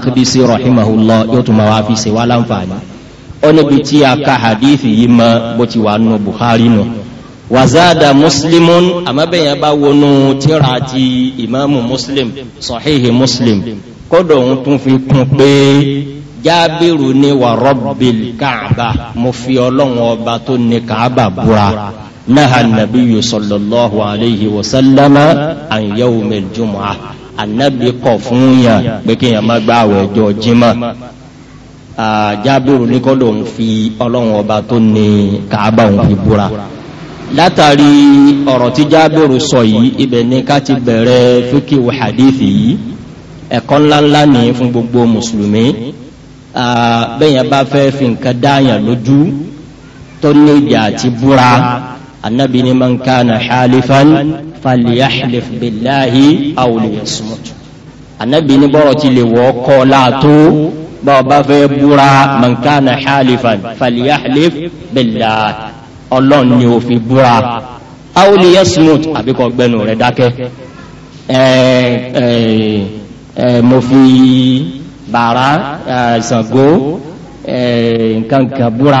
akbisi rahimahullah yóò tún máa wá fi ṣe wá láǹfààní ó níbi tí a ka hadithi yìí mọ bó ti wà nù bukhari nù wazada muslimun àmọ́bẹ̀yẹn bá wọnú tíra ti ìmáàmù muslim sahihi muslim kọ́dọ̀ òun tún fi kún pé jábìrù ni wà rabbil káàbà mo fi ọlọ́run ọba tó ní káàbà búra náà nàbíyù sallallahu alayhi wa sallama an yawmil jumu'ah ànábì kọ̀ fún yàn pé kí yàn má gba àwẹ̀ ọjọ́ jimá àjábìrù ní kọ́dọ̀ ń fi ọlọ́run ọba tó ní kàábà òun fi búra látàrí ọ̀rọ̀ tí jábìrù sọ yìí ibẹ̀ ni ká ti bẹ̀rẹ̀ fíkì wò yìí ẹ̀kọ́ ńláńlá ní fún gbogbo mùsùlùmí bẹ́yẹn bá fẹ́ fi nǹkan dáyàn lójú tó ní ìdí àti búra annabi ni man kana falyahlif billahi aw liyasmut anabi ní bọ́rọ̀ ti lè wọ́ kọ́ láàtó bọ́ọ̀bá fẹ́ búra man kana halifan falyahlif billahi ọlọ́run ni ó fi búra aw liyasmut àbíkọ́ gbẹnu rẹ̀ dákẹ́ mo fi bàrá ṣàngó nǹkan kan búra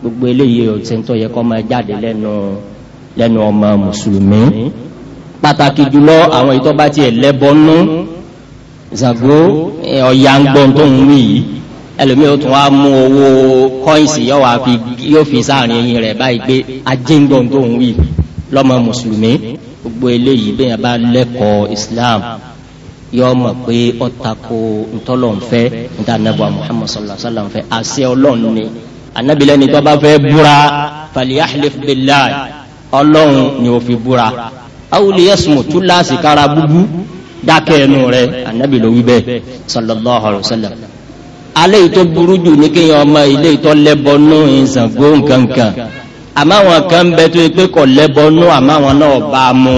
gbogbo eléyìí ọ̀sẹ̀ ń tọ́ yẹ kọ́ máa jáde lẹ́nu lẹ́nu ọmọ mùsùlùmí pàtàkì jùlọ àwọn ìtọ́ bá tiẹ̀ lẹ́bọnú Ṣàngó ọ̀yà ń gbọ́n tó ń wí yìí ẹlòmíì ó tún wá mú owó kọ́ìnsì yóò fi sáàrin eyín rẹ̀ báyìí pé ajé ń gbọ́n tó ń wí lọ́mọ mùsùlùmí gbogbo eléyìí bẹ́ẹ̀ yẹn bá lẹ́kọ̀ọ́ Islam yọ mọ̀ pé Tako ntọ́lọ́nfẹ́ ntànàbọ̀ Muhammad sallallahu alayhi wa sallam fẹ́ àṣẹ ọlọ́run ni anabilẹ́ni tó bá fẹ́ búra falyahlif billahi ọlọ́run ni ó fi búra awuliyasumu tulaasi kara bubu dákẹ́ ẹnu rẹ̀ anabi ló wí sallallahu alayhi wa sallam alẹ́ yìí tó burú jù ní kéèyàn ọmọ ilé yìí tó lẹ́bọ̀ nù ìsàngó nkankan àmọ́ àwọn kan bẹ tó yẹ pé kò lẹ́bọ̀ nù àmọ́ àwọn náà bá a mú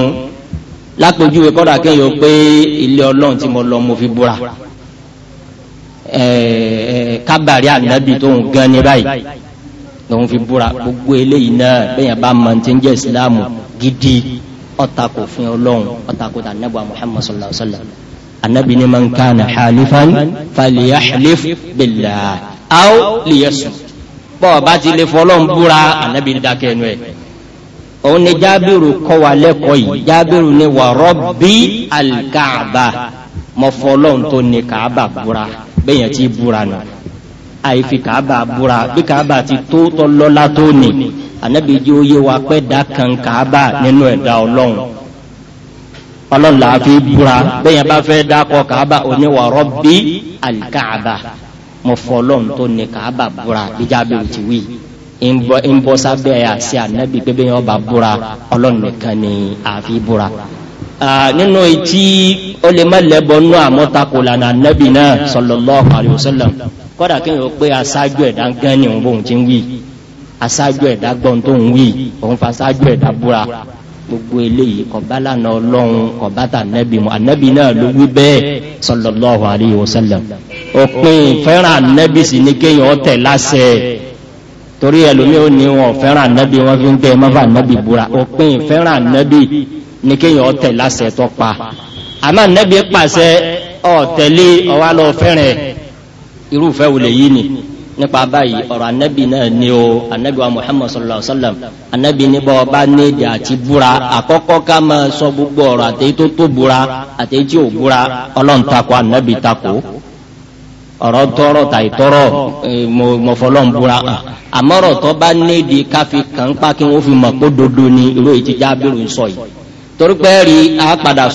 lápèjúwe kọ́dà kéèyàn pé ilé ọlọ́run mo lọ mo fi búra kábàárì ànábì tó ń gan ní báyìí lòun fi búra gbogbo eléyìí náà bẹ́ẹ̀ yẹn bá mọ̀ ní ti gidi ọ̀tàkò fún ọlọ́run ọ̀tàkò tà nẹ́bà muhammad sallallahu alaihi wasallam anabi ni man kana halifan falyahlif billah aw liyasmut bọ́ọ̀ bá ti lè fọlọ́n búra anabi dákẹ́ ẹnu ẹ̀ òun ni jábìrù kọ́ wa lẹ́kọ̀ọ́ yìí jábìrù ni wà rabbi alkaaba tó ní kaaba búra bẹ́ẹ̀ yẹn ti búra náà àìfi kàábà búra bí kàábà ti tó tọ́ lọ́lá tó nì ànábì jẹ́ oyé wa pẹ́ dá kan kàábà nínú ẹ̀dá ọlọ́run ọlọ́run là á fi búra bẹ́ẹ̀ yẹn bá fẹ́ dákọ̀ kàábà oníwà rọ́bì àlìkàábà mo fọ́ ọlọ́run tó ní kàábà búra bíjà bẹ́ẹ̀ ti wí ń bọ́ sábẹ́ àti ànábì pé bẹ́ẹ̀ yẹn bá búra ọlọ́run nìkan ni àfi búra nínú etí ó lè má lẹ́bọ̀ nú àmọ́takò sallallahu alaihi wasallam kọ́dà kí n ò pé aṣáájú ẹ̀dá gán ni òun bóun ti ń wí aṣáájú ẹ̀dá gbọ́n tó ń wí òun fa aṣáájú ẹ̀dá búra gbogbo eléyìí kọba lana Ọlọ́run kọba ta anabi mu anabi náà ló wí bẹ́ẹ̀ sallallahu alayhi wa òpin fẹ́ràn anabi sì ni kéèyàn tẹ lásẹ torí ẹlòmíì ò ní wọn fẹ́ràn anabi wọn fi ń tẹ mọfà anabi búra òpin fẹ́ràn anabi ni kéèyàn tẹ lásẹ tó àmọ́ anabi pàṣẹ ọtẹlẹ ọwọ alọ fẹ́ràn ẹ irúfẹ́ wò lè yí ni nípa báyìí ọ̀rọ̀ anabi náà ni o anabi wa muhammad sallallahu alaihi wa sallam anabi ní bọ́ ọba nídìí àti búra àkọ́kọ́ ká máa sọ gbogbo ọ̀rọ̀ àtẹ̀yí tó tó búra àtẹ̀yí tí ò búra ọlọ́run takò anabi takò ọ̀rọ̀ tọrọ tàì tọrọ mọ̀fọlọ́n búra àmọ́rọ̀ tó bá nídìí káfí kàn pa kí wọ́n fi mọ̀ kó dodo ni irú èyí ti ń sọ yìí torí pé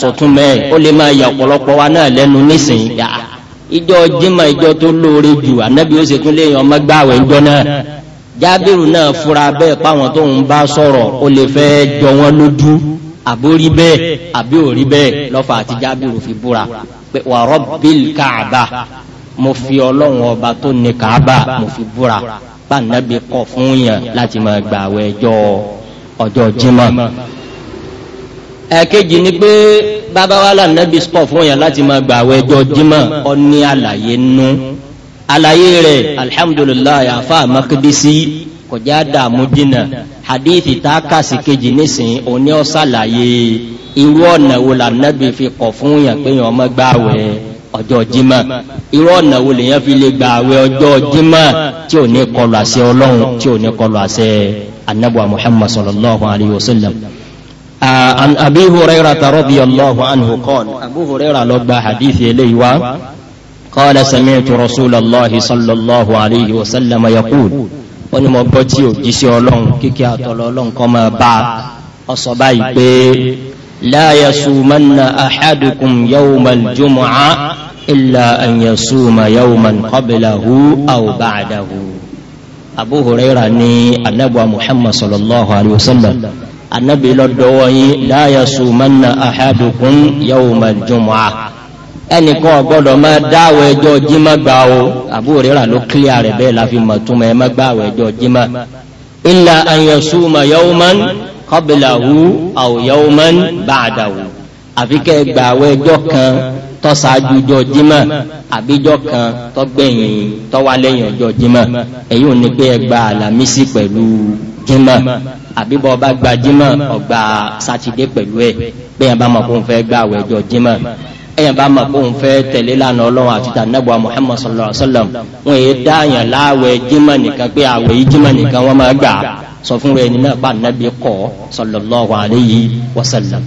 sọ̀tún mẹ́ẹ̀ ó lè máa yà ọ̀pọ̀lọpọ̀ wa náà lẹ́nu nísìnyí dáa ìjọ jimá ìjọ tó lóore jù ànábi ó sekún lẹ́yìn ọmọ gbàwẹ̀ ìjọ náà jábìrù náà fura bẹ́ẹ̀ páwọn tó ń bá sọ̀rọ̀ ó lè fẹ́ jọ wọn lójú àbórí bẹ́ẹ̀ àbí òrí bẹ́ẹ̀ lọ́fà àti jábìrù fi búra pé wà rọ́bìl káàbà mo fi ọlọ́run ọba tó ní káàbà mo fi búra pàǹdàbí kọ̀ fún yàn láti máa gbàwẹ̀ ọjọ́ ọjọ́ jimá ẹ̀kejì ni pé bàbá wa là nẹ́bí spọ̀ fún yàn láti máa gbà àwọn ẹjọ́ jímọ̀ ọ ní àlàyé nú àlàyé rẹ̀ alihamudulilayi afa makidisi kọjá dààmú dínà hadithi tá a kà sí kejì nísìnyí òní ọ sàlàyé irú ọ̀nà wo là nẹ́bí fi kọ̀ fún yàn pé yàn ọmọ gbà wẹ̀ ọjọ́ jímọ̀ irú ọ̀nà wo lèyàn fi lè gbà wẹ̀ ọjọ́ jímọ̀ tí ò ní kọlu àṣẹ ọlọ́run tí ò ní kọlu àṣẹ anabuwa muhammad sallallahu alayhi wa sallam. عن أبي هريرة رضي الله عنه قال أبو هريرة لبى حديث إليه قال سمعت رسول الله صلى الله عليه وسلم يقول wọ́n ni mo gbọ́ tí ò jíṣẹ́ ọlọ́run kíkẹ́ àtọ̀lọ́ ọlọ́run kọ́ máa bá ọ sọ báyìí pé la yasumanna ahadukum yawmal jumu'a illa an yasuma yawman qablahu aw ba'dahu Abu Hurairah ní anábọ̀ Muhammad sallallahu alayhi wa sallam anabi lọ́dọ̀wọ́ yín la yasumanna ahadukum yawmal jumu'ah ẹnìkan ọgbọ́dọ̀ máa dáwọ̀ ẹjọ́ jimá gbà o àbúrò rírà ló kílíà rẹ̀ bẹ́ẹ̀ la fi mọ̀ túmọ̀ ẹ má gbàwọ̀ ẹjọ́ jimá illa an yasuma yawman qablahu aw yawman ba'dahu àfi kẹ́ gbàwọ̀ ẹjọ́ kan tọ́sáájú ọjọ́ jimá àbíjọ́ kan tọ́gbẹ̀yìn tọ́wálẹ́yìn ọjọ́ jimá èyí ò pé ẹ àlàmísì pẹ̀lú jimá àbíbọ̀ bá gba jimá ọgbà sátidé pẹ̀lú ẹ̀ bẹ́ẹ̀ bá mọ̀ kó ń fẹ́ gba àwẹ̀ ọjọ́ jimá ẹ̀yàn bá mọ̀ kó ń fẹ́ tẹ̀lé lánàá ọlọ́run àti tànàbọ̀ Muhammad sallallahu alaihi wasallam wọn èyí dáàyàn láàwẹ̀ jimá nìkan pé àwẹ̀ yìí jimá nìkan wọ́n máa gbà sọ fún rẹ̀ nínú ẹ̀pá nàbí kọ́ sallallahu alaihi wasallam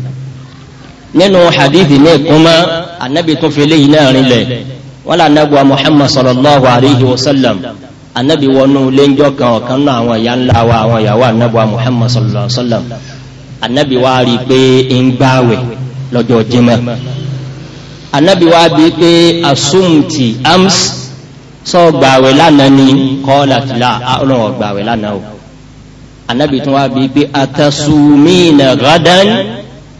nínú hadithi ní ìkúnmọ́ ànábì tó fi léyìn náà rinlẹ̀ wọ́n lànàbọ̀ Muhammad sallallahu alaihi wasallam anabi wọnú lẹ́njọ́ kan ọ̀kan náà àwọn ìyá ńlá wa àwọn ìyàwó anabi wa muhammad sallallahu alaihi wa sallam anabi wa rí i pé ń gbààwẹ̀ lọ́jọ́ jimá anabi wa bí i pé asumti ams sọ gbààwẹ̀ lánàá ni kọ́ọ̀làtìlá ọlọ́wọ́ gbààwẹ̀ lánàá o anabi tún wa bí i pé atasumina gadan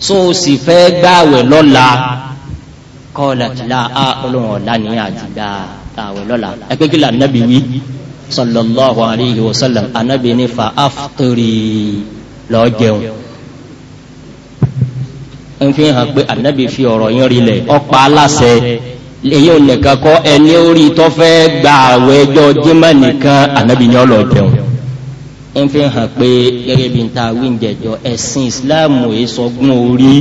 so sì fẹ́ gbààwẹ̀ lọ́la kọ́ọ̀làtìlá ọlọ́wọ́ lánàá àti gbààwẹ̀ lọ́la ẹgbẹ́ kí lànà bí wí sallallahu alayhi wa sallam anabi ni fa aftiri lọ jẹun n fi hàn pé anabi fi ọ̀rọ̀ yín rilẹ̀ ọ̀pá aláṣẹ èyí ò nìkan kọ́ ẹni orí tó fẹ́ gba àwẹ̀ ẹjọ́ jimá nìkan anabi ni ọlọ jẹun n fi hàn pé gẹ́gẹ́ bí n ta wíńjẹjọ ẹ̀sìn ìsìláàmù yìí sọgbọ́n orí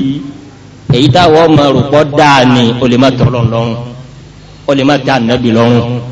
èyí táwọn ọmọ rò dáa ni olè má tọ́ lọ́rùn olè má dá anabi lọ́rùn.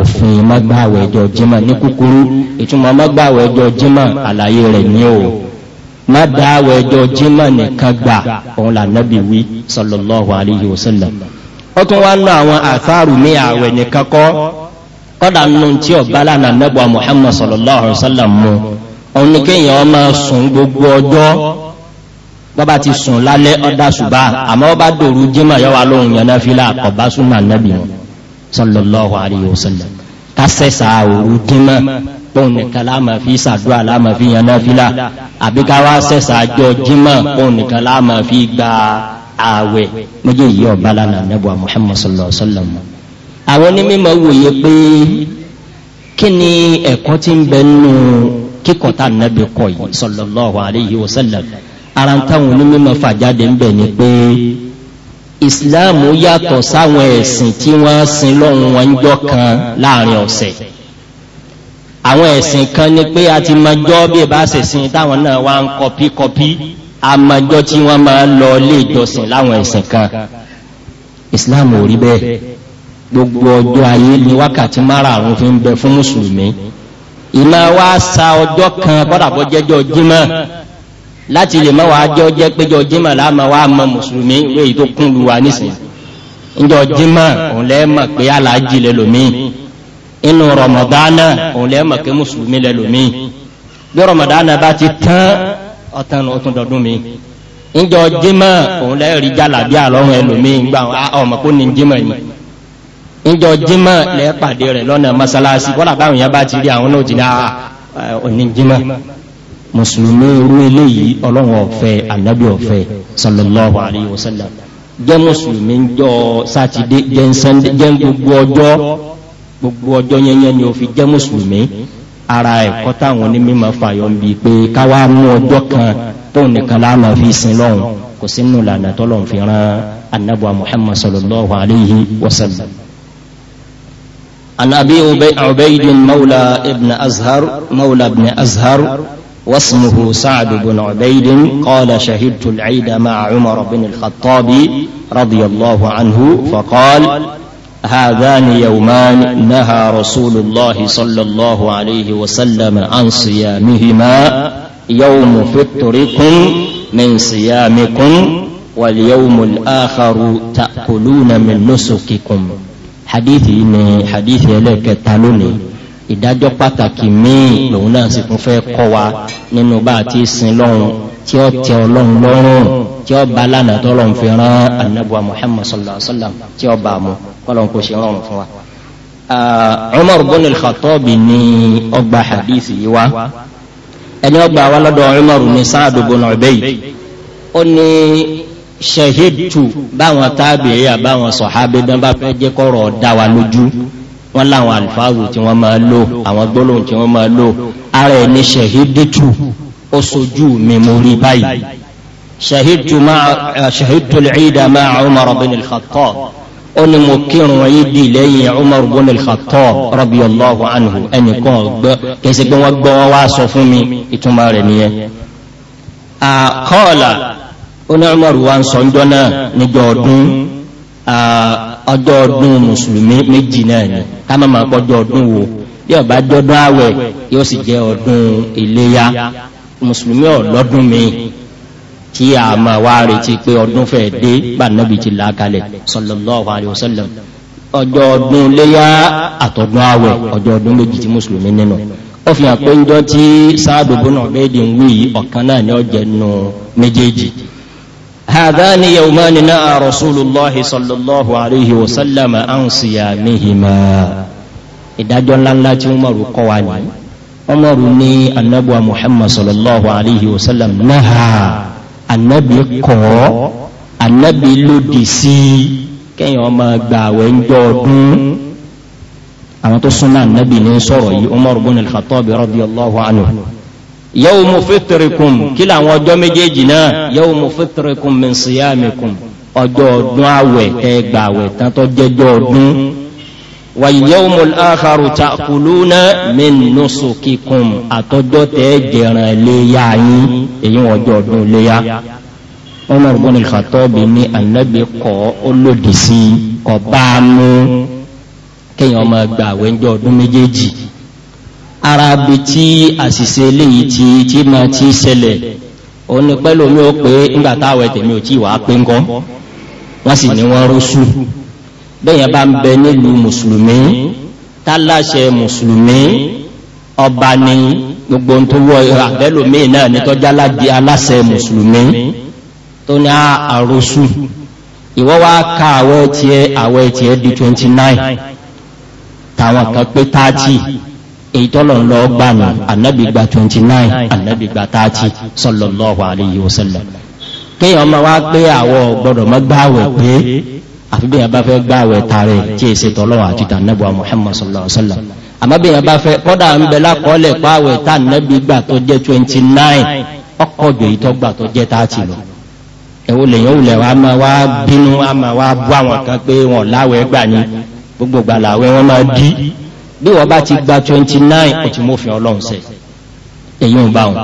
òfin mọ́gbàwẹ̀ ẹjọ́ jímọ̀ ní kúkúrú ìtumọ̀ mọ́gbàwẹ̀ ẹjọ́ jima àlàyé rẹ̀ ní o má ẹjọ́ jímọ̀ nìkan gbà òun là nábì wí sallallahu alayhi wa ó tún wá ń lọ àwọn àtàrù ní nìkan kọ́ kọ́dà nù tí ọ̀bá lànà nẹ́bùà Muhammad gbogbo ọjọ́ bọ́ba ti sùn lálẹ́ ọ̀dà ṣùgbọ́n àmọ́ bá yọ wa yẹn náà fi súnmọ́ sallallahu alayhi wa sallam kásẹ̀ sàá òru dímọ̀ pọ́ùn nìkan láàmà fi sàdúrà láàmà fi yan nàfílà àbí ká wá sẹ̀sà àjọ jímọ̀ pọ́ùn nìkan láàmà fi gba ààwẹ̀ méjèèjì ọ̀bá lánà nẹ́bùà Muhammad sallallahu alayhi wa sallam. àwọn onímọ̀ wòye pé kí ni ẹ̀kọ́ tí ń bẹ nínú kíkọ́ tá nàbẹ̀ kọ́ sallallahu alayhi wa sallam ara táwọn onímọ̀ fàjáde ń bẹ ni pé islam yàtọ̀ sáwọn ẹ̀sìn tí wọ́n sin lọ́hùn wọn jọ kan láàrin ọ̀sẹ̀ àwọn ẹ̀sìn kan ni pé a ti mọjọ́ bí ẹ bá ṣẹ̀sìn táwọn náà wá ń kọpí kọpí àmọjọ́ tí wọ́n máa lọ ilé ìjọsìn láwọn ẹ̀sìn kan islam ò rí bẹ́ẹ̀ gbogbo ọjọ́ ayé ni wákàtí márààrún fi ń bẹ fún mùsùlùmí ìmọ̀ wa sa ọjọ́ kan kọ́dà bọ́jẹ́jọ́ jímọ̀ láti lè mọ́ wàá jọ jẹ́ péjọ jímọ̀ láàmà wàá mọ mùsùlùmí ìwé yìí tó kún lu wa nísìnyí ńjọ jímọ̀ òun lẹ́ mọ̀ pé aláàjì lẹ lómi inú rọmọdánà òun lẹ́ mọ̀ pé mùsùlùmí lẹ lómi bí rọmọdánà bá ti tán ọ̀tàn ọ̀tún dọ̀dún mi ńjọ jímọ̀ òun lẹ́ rí jálàbí àlọ́run ẹlòmí ńgbà ọmọ kó ní jímọ̀ yìí ńjọ jímọ̀ lẹ́ pàdé rẹ̀ lọ́nà mọ́sálásí kọ́lá báwọn yẹn bá ti rí àwọn náà ti ah, mùsùlùmí irú eléyìí ọlọ́run ọ̀fẹ́ ànábì ọ̀fẹ́ sallallahu alayhi wa sallam jẹ́ mùsùlùmí jọ sátidé jẹ́ gbogbo ọjọ́ gbogbo ọjọ́ yẹnyẹn ni ó fi jẹ́ mùsùlùmí ara ẹ̀kọ́ táwọn onímọ̀ fàyọ̀ ń bi pé káwá mú ọjọ́ kan tóun nìkan láàmà fi sin lọ́hùn kò sínú lànà tọ́lọ́hùn fi rán anábọ̀ muhammad sallallahu alayhi wa sallam. عن أبي عبيد مولى ابن أزهر مولى ابن أزهر واسمه سعد بن عبيد قال شهدت العيد مع عمر بن الخطاب رضي الله عنه فقال هذان يومان نهى رسول الله صلى الله عليه وسلم عن صيامهما يوم فطركم من صيامكم واليوم الآخر تأكلون من نسككم حديثي حديثي لك تلوني ìdájọ́ pàtàkì míì lòun náà sì tún fẹ́ kọ́ wa nínú bá a ti sin lọ́run tí ó tẹ ọlọ́run lọ́rùn tí ó bá lánàá tọ́lọ́run fi rán anabuwa muhammad sallallahu alaihi wa sallam tí ó bá a mú kọ́lọ́run kò ṣe rọrùn fún wa. umar bin al-khattab ni ọgbà hadith yìí wá ẹni ọgbà wa lọ́dọ̀ umar ni saadu bin ubayd ó ní shahidtu báwọn tábìrì àbáwọn sọ̀hábẹ́dán bá fẹ́ jẹ́ kọ́rọ̀ dá wa lójú wọ́n láwọn alfáàwò tí wọ́n máa lò àwọn gbólóhùn tí wọ́n máa lò ara ẹni ṣẹ̀hídìtù ó sojú mi mo rí báyìí ṣẹ̀hídìtù l'ídà máa Umar bin al-Khattab ó ní mo kírun ìdí lẹ́yìn Umar bin al-Khattab radiyallahu anhu ẹnìkan gbọ́ kẹsì pé wọ́n gbọ́ wọ́n wá sọ fún mi ìtumọ̀ rẹ̀ nìyẹn àkọọ́là ó ní Umar wa ń sọ ń jọ náà ọdún ọjọ́ ọdún mùsùlùmí méjì náà ni ká má máa pọ́jọ́ ọdún wo bí ọba jọdún àwẹ̀ yóò sì jẹ́ ọdún iléyá mùsùlùmí ọ̀lọ́dún mi kí a máa wá retí pé ọdún fẹ́ dé bá nàbì ti là kalẹ̀ sallallahu alayhi wa sallam ọjọ́ ọdún léyá àtọ̀dún àwẹ̀ ọjọ́ ọdún méjì tí mùsùlùmí nínú ó fi hàn pé ń jọ tí sáàdùbọ́nà méjì ń wí ọ̀kan náà ni ó jẹ́ nù méjèèjì هذان يومان نأى رسول الله صلى الله عليه وسلم عن صيامهما ìdájọ́ ńláńlá tí wọ́n mọ̀rù kọ́ wa ní ọmọrù ní annabuwa muhammad sallallahu alaihi wasallam náà annabi kọ́ annabi lòdì sí kẹ́yàn ọmọ gbà àwẹ̀ ń jọ ọdún àwọn tó súnmọ́ annabi ní sọ̀rọ̀ yìí ọmọrù bọ́nà al-khattab radiyallahu anhu yawmu fitrikum kí làwọn ọjọ́ méjèèjì náà yawmu fitrikum min siyamikum ọjọ́ ọdún àwẹ̀ tẹ́ gbà àwẹ̀ tán tó jẹ́jọ́ ọdún wa yawmul akharu ta'kuluna min nusukikum àtọ́jọ́ tẹ́ jẹran léyà yín èyí wọn ọjọ́ ọdún léyà Umar ibn ní anabi kọ́ ó lòdì sí kọ́ bá a mú kéèyàn máa gbà àwẹ̀ ọdún méjèèjì. arabi tí àṣìṣe léyìí ti tí ma ti ṣẹlẹ̀ òun ni pẹ́lú mi ò pé nígbà táwọn ẹ̀tẹ̀mí ò tí wàá pé ńkọ́ wọ́n sì ní wọ́n rúṣù bẹ́yẹn bá ń bẹ nílùú mùsùlùmí tálàṣẹ mùsùlùmí ọba ni gbogbo tó wọ àbẹ́lòmíì náà ní tọ́jà aláṣẹ mùsùlùmí tó ní ìwọ́ wá ka àwọ̀ ẹ̀tì ẹ̀ àwọ̀ ẹ̀tì ẹ̀ di twenty nine kan pé thirty. èyí tọ́lọ̀ ń lọ gbànà 29 ànábì gba 30 sallallahu alayhi wa sallam kéèyàn máa wá pé àwọ̀ gbọ́dọ̀ mọ́ gbààwẹ̀ pé àfi bí yẹn bá fẹ́ gbààwẹ̀ tààrẹ̀ tí èsì tọ́lọ̀ àti tànábì wa Muhammad sallallahu alayhi wa sallam àmọ́ bí 29 ọkọ̀jọ̀ èyí tó gbà tó jẹ́ 30 lọ ẹ̀wọ́ lèyàn wulẹ̀ wa máa wá bínú wa máa wọn máa dí bí wọ́n bá ti gba twenty nine ó ti mófin ọlọ́run ṣe èyí ń bá wọn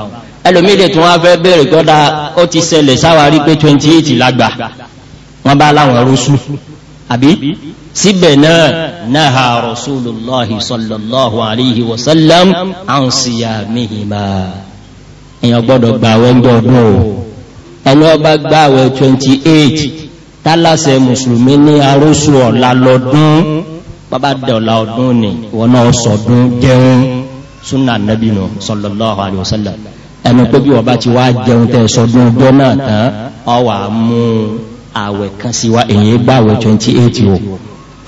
ẹlòmíì lè tún fẹ́ béèrè gbọ́dá ó ti ṣẹlẹ̀ sáwárí pé twenty eight lágbà wọ́n bá láwọn rúṣù àbí síbẹ̀ náà náà rasulullahi sallallahu alayhi wa sallam mihi ma èèyàn gbọ́dọ̀ gba àwẹ̀ ńjọ ọdún o ẹni ọba gba àwẹ̀ twenty eight tálàsẹ̀ mùsùlùmí ní arósù ọ̀la lọ́dún bàbá dọ̀la ọdún ni wọn náà sọdún jẹun súnà nàbí nù sallallahu alaihi wasallam ẹnu pé bí wọn bá ti wá jẹun tẹ sọdún ọjọ́ náà tán ọ wà mú àwẹ̀ kan sí wa èyí gbà àwẹ̀ twenty eight o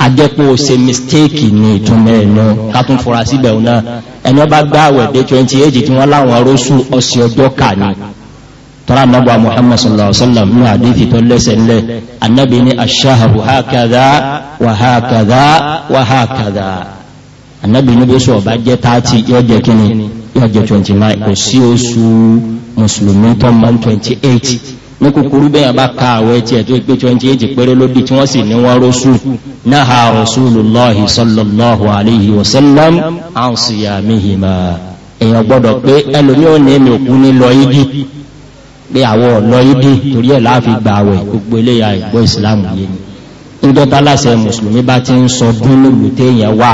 ajẹ́pọ̀ ṣe mistake ní ìtumọ̀ ẹ̀nà kátún fura síbẹ̀ ọ̀nà ẹ̀nà bá gbà àwẹ̀ dé twenty eight tí wọ́n láwọn rọ́ṣù ọ̀sẹ̀ ọjọ́ kà ní tọ́lá nàbà muhammad sallallahu alaihi wa sallam ní àdéhì tó lẹ́sẹ̀ ńlẹ̀ anábì ní aṣáhàrù hákàdá wà hákàdá wà hákàdá anábì ní bí sọ ọba jẹ́ 30 yóò jẹ́ kíni yóò jẹ́ kò sí oṣù mùsùlùmí tó máa ń 28 ní kúkúrú bẹ́ẹ̀ bá ka àwọ̀ ẹtì ẹ̀ tó pé 28 péré lódì tí wọ́n sì ní wọ́n rọ́ṣù náà rasulullahi sallallahu alaihi wa sallam èèyàn gbọ́dọ̀ pé ẹlòmí ní èmi òkú ní lọ yídì pé àwọ ọ̀lọ́ ìdí torí ẹ̀ láàfi gba àwẹ̀ gbogbo eléyà ìgbọ́ ìsìláàmù yé ni níjọba aláṣẹ mùsùlùmí bá ti ń sọ dún lólu téèyàn wà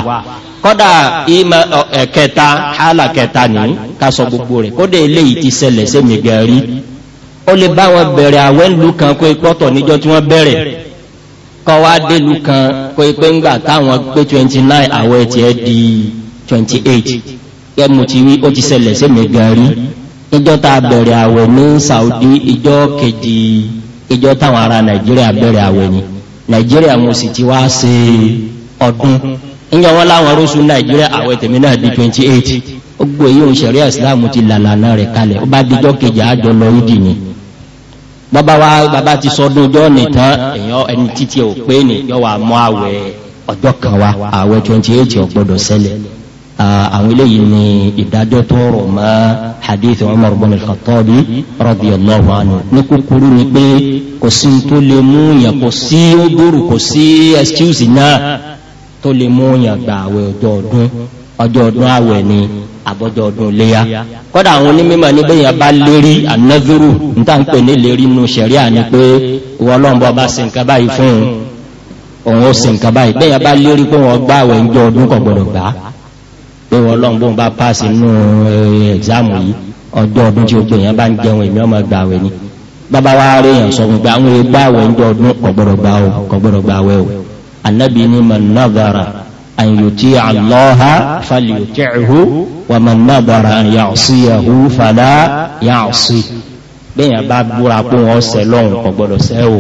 kọ́dà ìmọ̀ ẹ̀kẹta hálà kẹta ní ká sọ gbogbo rẹ̀ kódà eléyìí ti ṣẹlẹ̀ sẹ́mi gẹ̀rí ó lè bá wọn bẹ̀rẹ̀ àwẹ̀ ńlú kan pé pọ́tọ̀ níjọ́ tí wọ́n bẹ̀rẹ̀ kọ́ wá délù kan pé pé ńgbà táwọn pé twenty nine àwẹ̀ tiẹ̀ di twenty eight kẹ́ mo ti wí ó ti ṣẹlẹ̀ sẹ́mi gẹ̀rí níjọ́ tá a bẹ̀rẹ̀ àwẹ̀ ní Saudi ìjọ́ kejì ìjọ́ táwọn ará Nàìjíríà bẹ̀rẹ̀ àwẹ̀ ni Nàìjíríà mo sì ti wá ṣe ọdún níjọ́ wọn láwọn rúṣu Nàìjíríà àwẹ̀ tèmi náà di ó èyí òun Islam ti làlànà rẹ̀ kalẹ̀ ó bá dijọ́ kejì àjọ lọ ìdì ni bàbá wa bàbá ti sọdún ọjọ́ nìtàn èèyàn ẹni títí ò pé wa àwẹ̀ ọjọ́ kan wa àwẹ̀ Ah, àwọn eléyìí ni ìdájọ́ tó rọ̀ mọ́ hadith umar bin al-khattabi radiyallahu anhu ní kúkúrú ni pé kò sí tó lè mú yàn kò sí ogóru kò sí excuse náà tó lè mú yàn gba àwẹ̀ ọjọ́ ọdún ọjọ́ ọdún àwẹ̀ ni àbọ̀jọ́ ọdún léyà kọ́dà àwọn onímọ̀ níbẹ̀ yẹn bá lérí níta ń pè ní lérí nu pé pé wọn lọ́n bóun bá paasi nínú ẹ̀gzámù eh, yìí ọjọ́ ọdún tí gbogbo èèyàn bá ń jẹun èmi ọmọ gbà wẹ̀ ni bàbá wa rí èèyàn sọ fún pé àwọn egbà wẹ̀ ń jọ ọdún kọ̀gbọ́dọ̀ gbà o kọ̀gbọ́dọ̀ gbà wẹ̀ o anabi ni man nadhara an yuti'a Allaha falyuti'hu wa man nadhara an ya'siyahu fala ya'si bẹ́ẹ̀ yẹn bá búra pé wọ́n sẹ́ lọ́hùn kọ̀gbọ́dọ̀ sẹ́ o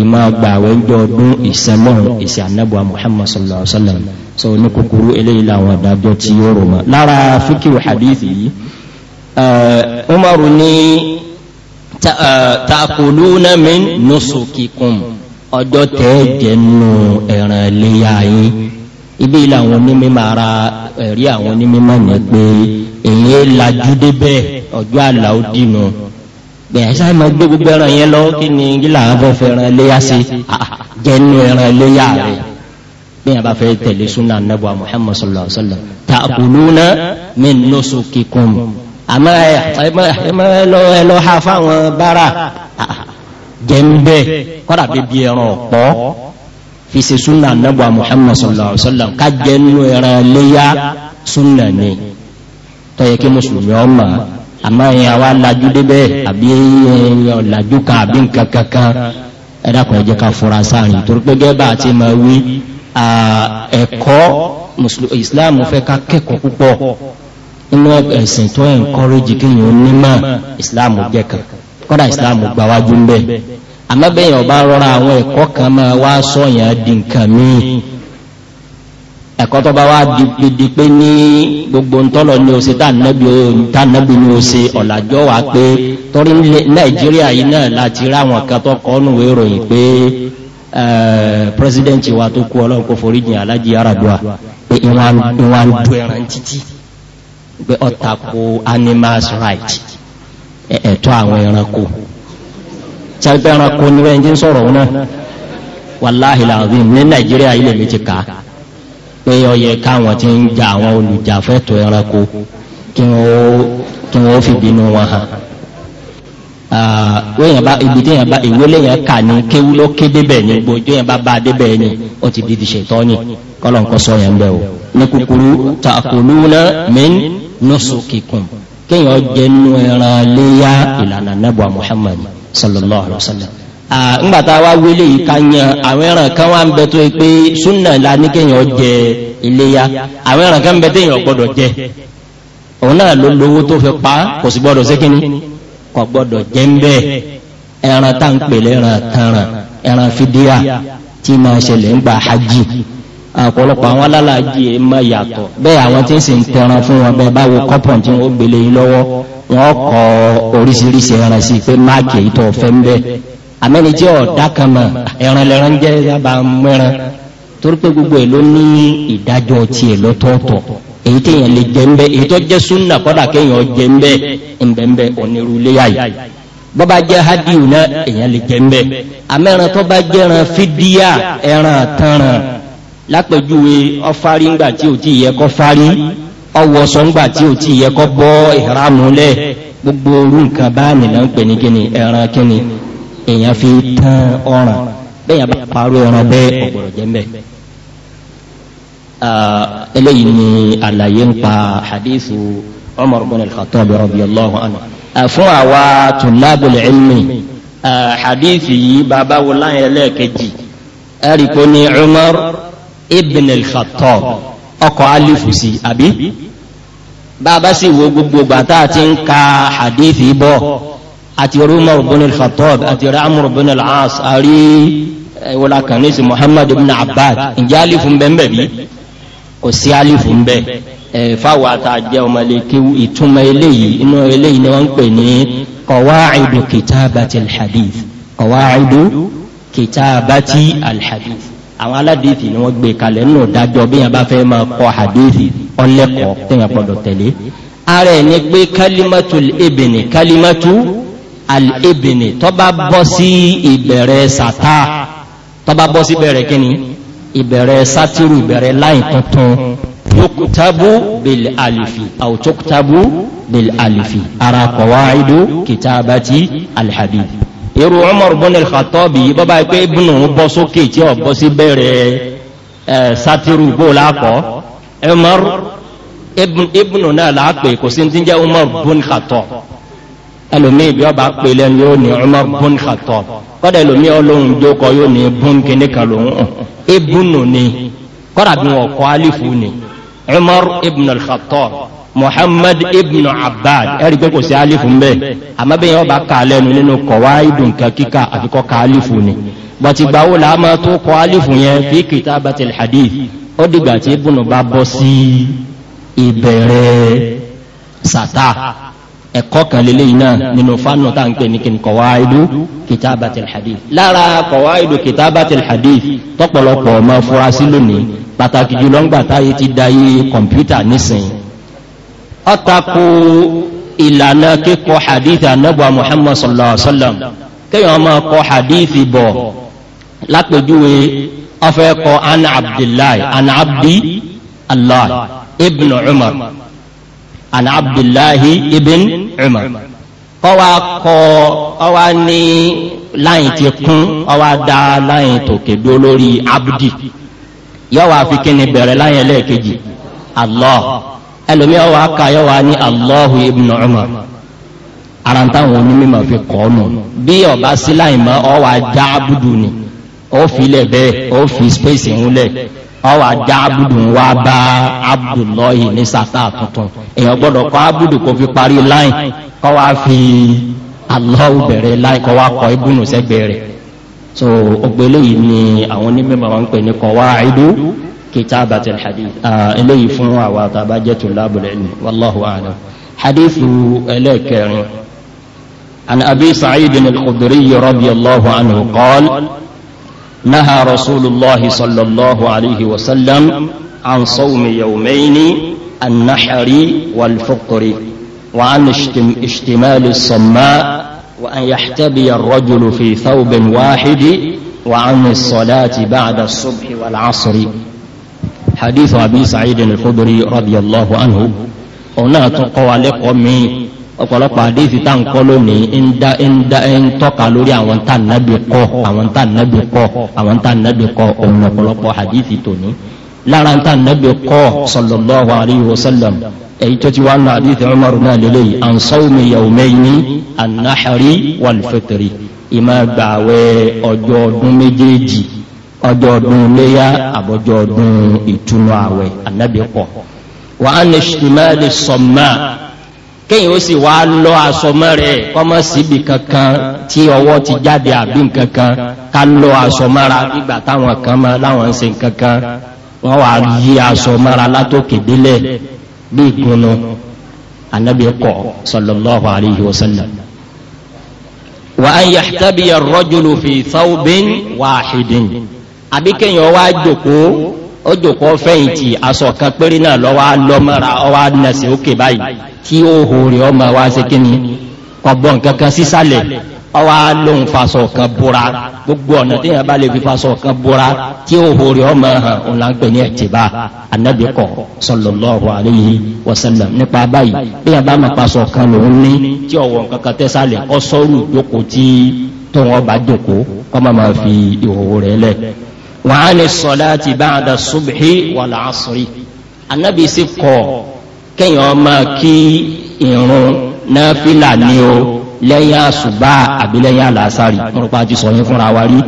ìmọ̀ àgbà àwẹ́jọ́ ọdún ìsẹ́mọ̀rún ìsẹ́ ànábùwà muhammad sallallahu alaihi wasallam so ní kúkúrú eléyìí làwọn àdájọ́ tí ó rò mọ́ lára fíkìrù hadithi yìí uh, umaru ní uh, ta'kuluna min nusukikum ọjọ́ tẹ́ jẹnu ẹ̀ràn iléyà yín ibi làwọn onímọ̀ ara ẹ̀rí àwọn onímọ̀ yẹn pé èyí lajú débẹ̀ ọjọ́ àlàó dìnnà gbẹ̀yà sáà máa gbé gbogbo ẹran yẹn lọ kí ni gíla àbọ̀ fẹ́ràn léyà sí ah, ah, jẹnu ẹran léyà rẹ̀ gbẹ̀yà bá fẹ́ tẹ̀lé súnà nàbọ̀ Muhammad sallallahu alaihi wasallam ta'kuluna min nusukikum àmọ́ ẹ lọ ha fáwọn bára ah, jẹun bẹ́ẹ̀ kọ́dà bíbi ẹran ọ̀pọ̀ fi ṣe súnà nàbọ̀ Muhammad sallallahu alaihi wasallam ká jẹnu ẹran léyà súnà ni tọ́yẹ kí mùsùlùmí ọ̀ máa. àmọ́ ẹ̀yìn àwa lajú débẹ̀ àbí ọ̀làjú kan àbí nǹkan kankan ẹ̀dàkùn ẹ̀jẹ̀ ká fura sáàrin torí pé gẹ́bà àti ma wí ẹ̀kọ́ islam fẹ́ ká kẹ́kọ̀ọ́ púpọ̀ nínú ẹ̀sìn tó encourage kéèyàn onímọ̀ jẹ́ kan kọ́dà gba wájú ń bẹ̀ àmọ́ bẹ́yìn ọba rọra àwọn ẹ̀kọ́ kan máa wá sọ̀yàn di nǹkan míì ẹ̀kọ́ tó bá wá dìdì pé ní gbogbo ntọ́lọ̀ ní o ṣe tánàbí ní o ṣe ọ̀làjọ́ wà pé torí nàìjíríà yìí náà láti ráwọn kan tó kọ́ nù ìròyìn pé pírẹsidẹ́ǹtì wa tó kú ọlọ́run kò foríjìn alájí arábíà pé ìwọ̀n ń du ẹran títí pé ọ̀tà ko animals right ẹ̀tọ́ àwọn ẹranko ṣàgbẹ́ ẹranko ni wẹ́n ń sọ̀rọ̀ náà wàláhìlà ní nàìjíríà ilẹ̀ mi ti kà pé ọyẹ káwọn ti ń ja àwọn olùjàfẹ́tọ̀ ẹranko kí wọ́n fi bínú wọn hàn wọ́n bá ibi tí yẹn bá ìwé lẹ́yìn kà ní kéwú ló ké débẹ̀ ní gbogbo yẹn bá bá a débẹ̀ ní ó ti di ti ní kọ́lọ̀ nǹkan sọ yẹn bẹ́ẹ̀ o. ní kúkúrú ta'kuluna min nusukikum kéèyàn jẹ́ nú ẹran léyà ìlànà nàbọ̀ Muhammad sallallahu alayhi wa sallam ńgbàtà wá wílé yìí ká yan àwọn ẹran kan wá ń bẹ tó pé súnà la ní kéèyàn jẹ iléyà àwọn ẹran kan bẹ téèyàn gbọdọ̀ jẹ òun náà ló lówó tó fi pa kò sì gbọdọ̀ sékíní kò gbọdọ̀ jẹ ń bẹ ẹran tá ń pè lẹ́ran tanràn ẹran fídíà tí máa ṣẹlẹ̀ ń gba hajj ọ̀pọ̀lọpọ̀ àwọn alálàájì ẹ̀ máa yàtọ̀ bẹ́ẹ̀ àwọn tí ń sì ń tẹran fún wọn bẹ́ẹ̀ báwo kọ́pọ̀n tí wọ́n gbélé yín lọ́wọ́ wọn kọ oríṣiríṣi ẹran sí pé máàkì èyí tó fẹ́ ń bẹ́ẹ̀ àmẹ́ni jẹ́ ọ̀dá kan mà ẹran lẹ́ran jẹ́ yaba mẹ́ran torí pé gbogbo ẹ̀ ló ní ìdájọ́ tiẹ̀ lọ́tọ̀ọ̀tọ̀ èyí téèyàn lè jẹ́ ńbẹ́ èyí tó jẹ́ súnà kọ́dà kéèyàn jẹ́ ńbẹ́ ńbẹ́ńbẹ́ onírúléyà yìí bọ́bá jẹ́ hadiu náà èyàn lè jẹ́ ńbẹ́ àmẹ́ran tó bá jẹ́ran fídíà ẹran tanran lápẹ̀júwe ọfárí ńgbà tí ò tí yẹ kọ́ fárí ọwọ́ sọ tí ò tí yẹ kọ́ bọ́ ìhàmúlẹ̀ gbogbo orú nǹkan bá nìlà ń ẹran kíni èèyàn fi tán ọ̀ràn bẹ́ẹ̀ bá parọ́ ọ̀ràn bẹ́ẹ̀ ọ̀gbọ̀rọ̀ jẹ́ mbẹ́. Ah, eléyìí ni àlàyé ń pa hadithu Umar ibn al-Khattab radiyallahu anhu. Ah, fún àwa tulabul ilmi ah, hadithi yìí bàbá wo láyé ẹlẹ́ẹ̀kejì ẹ̀rí kò ní Umar ibn al-Khattab ọkọ̀ alifu sí àbí bàbá sì wo gbogbo gbàtà ti ń ka hadithi bọ́ àti rumar bin al-khattab àti ramur bin al-as àrí eh, ìwọlá kan ní sí muhammad bin abbad ǹjẹ́ alifu ń bẹ́ ń bẹ̀ bí kò sí alifu ń bẹ́ fáwọn àtàjẹ́ ọmọlẹ́kẹ́ ìtumọ̀ eléyìí inú eléyìí ni wọ́n ń pè ní qawaidu kitabati al-hadith qawaidu kitabati al-hadith àwọn aládìsí ni wọ́n gbé kalẹ̀ nínú dájọ́ bí yẹn bá fẹ́ máa kọ hadith ọlẹ́kọ̀ọ́ tẹ̀yàn gbọ́dọ̀ tẹ̀lé ara ẹ̀ ní pé kalimatu ibn kalimatu al-ibni tọba bọ́ sí ìbẹ̀rẹ̀ sàtà tọba bọ́ sí bẹ̀rẹ̀ kíni ìbẹ̀rẹ̀ sátírù ìbẹ̀rẹ̀ láì tuntun yókùtàbù bil alifi aw tókùtàbù bil alifi ara qawaidu kìtàbàtì al-habib irú Umar ibn al-Khattabi bọ́bá pé ibùnú bọ́ sókè tí ọ bọ́ sí bẹ̀rẹ̀ sátírù bó lápọ̀ Umar ibùnú náà lápè kò sí ti jẹ́ Umar ibn al-Khattabi ẹlòmíì bí ọba pè lẹ́nu yóò ní Umar bun Khattab kọ́dà ẹlòmíì ọlọ́run jókòó yóò ní bún kíní kan lòún hàn ibùnù ni kọ́dà bí wọn kọ́ alifu ni Umar ibn al-Khattab Muhammad ibn Abbad pé kò sí alifu ń bẹ́ẹ̀ yẹn ọba kà lẹ́nu nínú kọ̀wá ìdùn kíkà àfikọ́ kà alifu ni bàtìgbà wo làá máa tó kọ́ alifu yẹn fi kitabatil hadith ó dìgbà tí ibùnù bá bọ́ sí ìbẹ̀rẹ̀ sàtà ẹ̀kọ́ kan lélẹ́yìn náà nínú fánà tá à ń pè ní kíni kọ̀wáìdù kìtàbàtìl hadith lára kọ̀wáìdù kìtàbàtìl hadith tọ́pọ̀lọpọ̀ ọmọ afurasí lónìí pàtàkì jùlọ ńgbà táyé ti dayé kọ̀mpútà nísìnyí. ọ̀tàkù ìlànà kíkọ hadith anábọ̀ muhammad sallallahu alayhi wa sallam kéèyàn máa kọ hadith bọ̀ lápèjúwe ọ̀fẹ́ kọ ana abdullahi ana abdi allah ibn umar an abdullahi ibn. Umar kọ́wà kọ ọwà ní láyìn ti kún ọwà dá láyìn tòkè bí olórí abdi yọwa fi kí ni bẹ̀rẹ̀ láyìn ẹlẹ́ẹ̀kejì ọ ẹlòmí ọwà ká yọwa ní allahu ibn Umar ara ń táwọn onímọ̀ fi kọ́ nù bí ọba sí láyìn mọ́ abdu ni ó fi lẹ̀ bẹ́ẹ̀ ó fi ń wọ́n wá já abudu wá bá abdullahi ní sàtà tuntun èèyàn gbọ́dọ̀ kọ́ abudu kò fi parí láì kọ́ wá fi aláwù bẹ̀rẹ̀ láì kọ́ wá kọ́ ibùnú sẹ́gbẹ̀ẹ́ rẹ̀ so ọgbẹ́lẹ́ yìí ni àwọn onímọ̀ wọn ń pè ní kọ́ wá àìdú kitabat alhadith eléyìí fún àwa àtàbájẹ́ tó lábùlẹ̀ ní wàláhù àdá hadithu ẹlẹ́kẹrin an abi sa'id al-khudri radiyallahu anhu qala نهى رسول الله صلى الله عليه وسلم عن صوم يومين النحر والفقر وعن اشتمال الصماء وأن يحتبي الرجل في ثوب واحد وعن الصلاة بعد الصبح والعصر حديث أبي سعيد الخدري رضي الله عنه هنا تقوى لقمي ọ̀pọ̀lọpọ̀ àdéhìí tá à ń kọ́ lónìí ń dá ń dá ń tọ́ka lórí àwọn tá nàbì kọ́ àwọn tá nàbì kọ́ àwọn tá nàbì kọ́ òun ọ̀pọ̀lọpọ̀ àdéhìí tòní. lára tá nàbì kọ́ sallallahu alayhi wa sallam èyí tó ti wá nù àdéhìí Umar náà lélẹ́yìí an sawmi yawmayni an-nahri wal-fitri ìmọ̀ gbàwẹ̀ ọjọ́ ọdún méjèèjì ọjọ́ ọdún léyà àbọ̀jọ́ ọdún ìtúnu àwẹ̀ ànábì kọ́ wa an ishtimali samma kéyìn ó sì wá lọ àsọmọ́ rẹ̀ kọ́mọ́ síbi kankan tí ọwọ́ ti jáde àbí nkankan ká lọ àsọmọ́ra nígbà táwọn kan mọ́ láwọn ń ṣe nkankan wọ́n wá yí àsọmọ́ra látòkè délẹ̀ bí ìgbónú anabi kọ sallallahu alayhi wa sallam. wa an yahtabiya ar-rajulu fi thawbin wahidin àbí kéyìn ó wá jókòó ó jókòó fẹ̀yìntì aṣọ kan péré náà ló wá lọ́mọ́ra ó tí ó hò rẹ̀ ọmọ wa ṣe kí ni ọgbọ́n nǹkan kan sísàlẹ̀ ọwọ́ lóhun faṣọ kan bóra gbogbo ọ̀nà tí yẹn bá lè fi faṣọ kan bóra tí ó hò rẹ̀ ọmọ hàn òun là ń pè ní ẹ̀tìbá anabi kọ sallallahu alayhi wa sallam nípa báyìí bí yẹn bá mọ̀ paṣọ kan lòun ní tí ọ̀wọ́ nǹkan kan tẹ́sàlẹ̀ ọ̀sọ́rù jókòó tí tóun ọba jókòó kọ́mọ asri anabi sì kọ̀ kéèyàn máa kí ìrun náfìlà ní o lẹ́yìn àṣùbà àbí lẹ́yìn àlàásàrì nípa ti sọ yín fúnra wa rí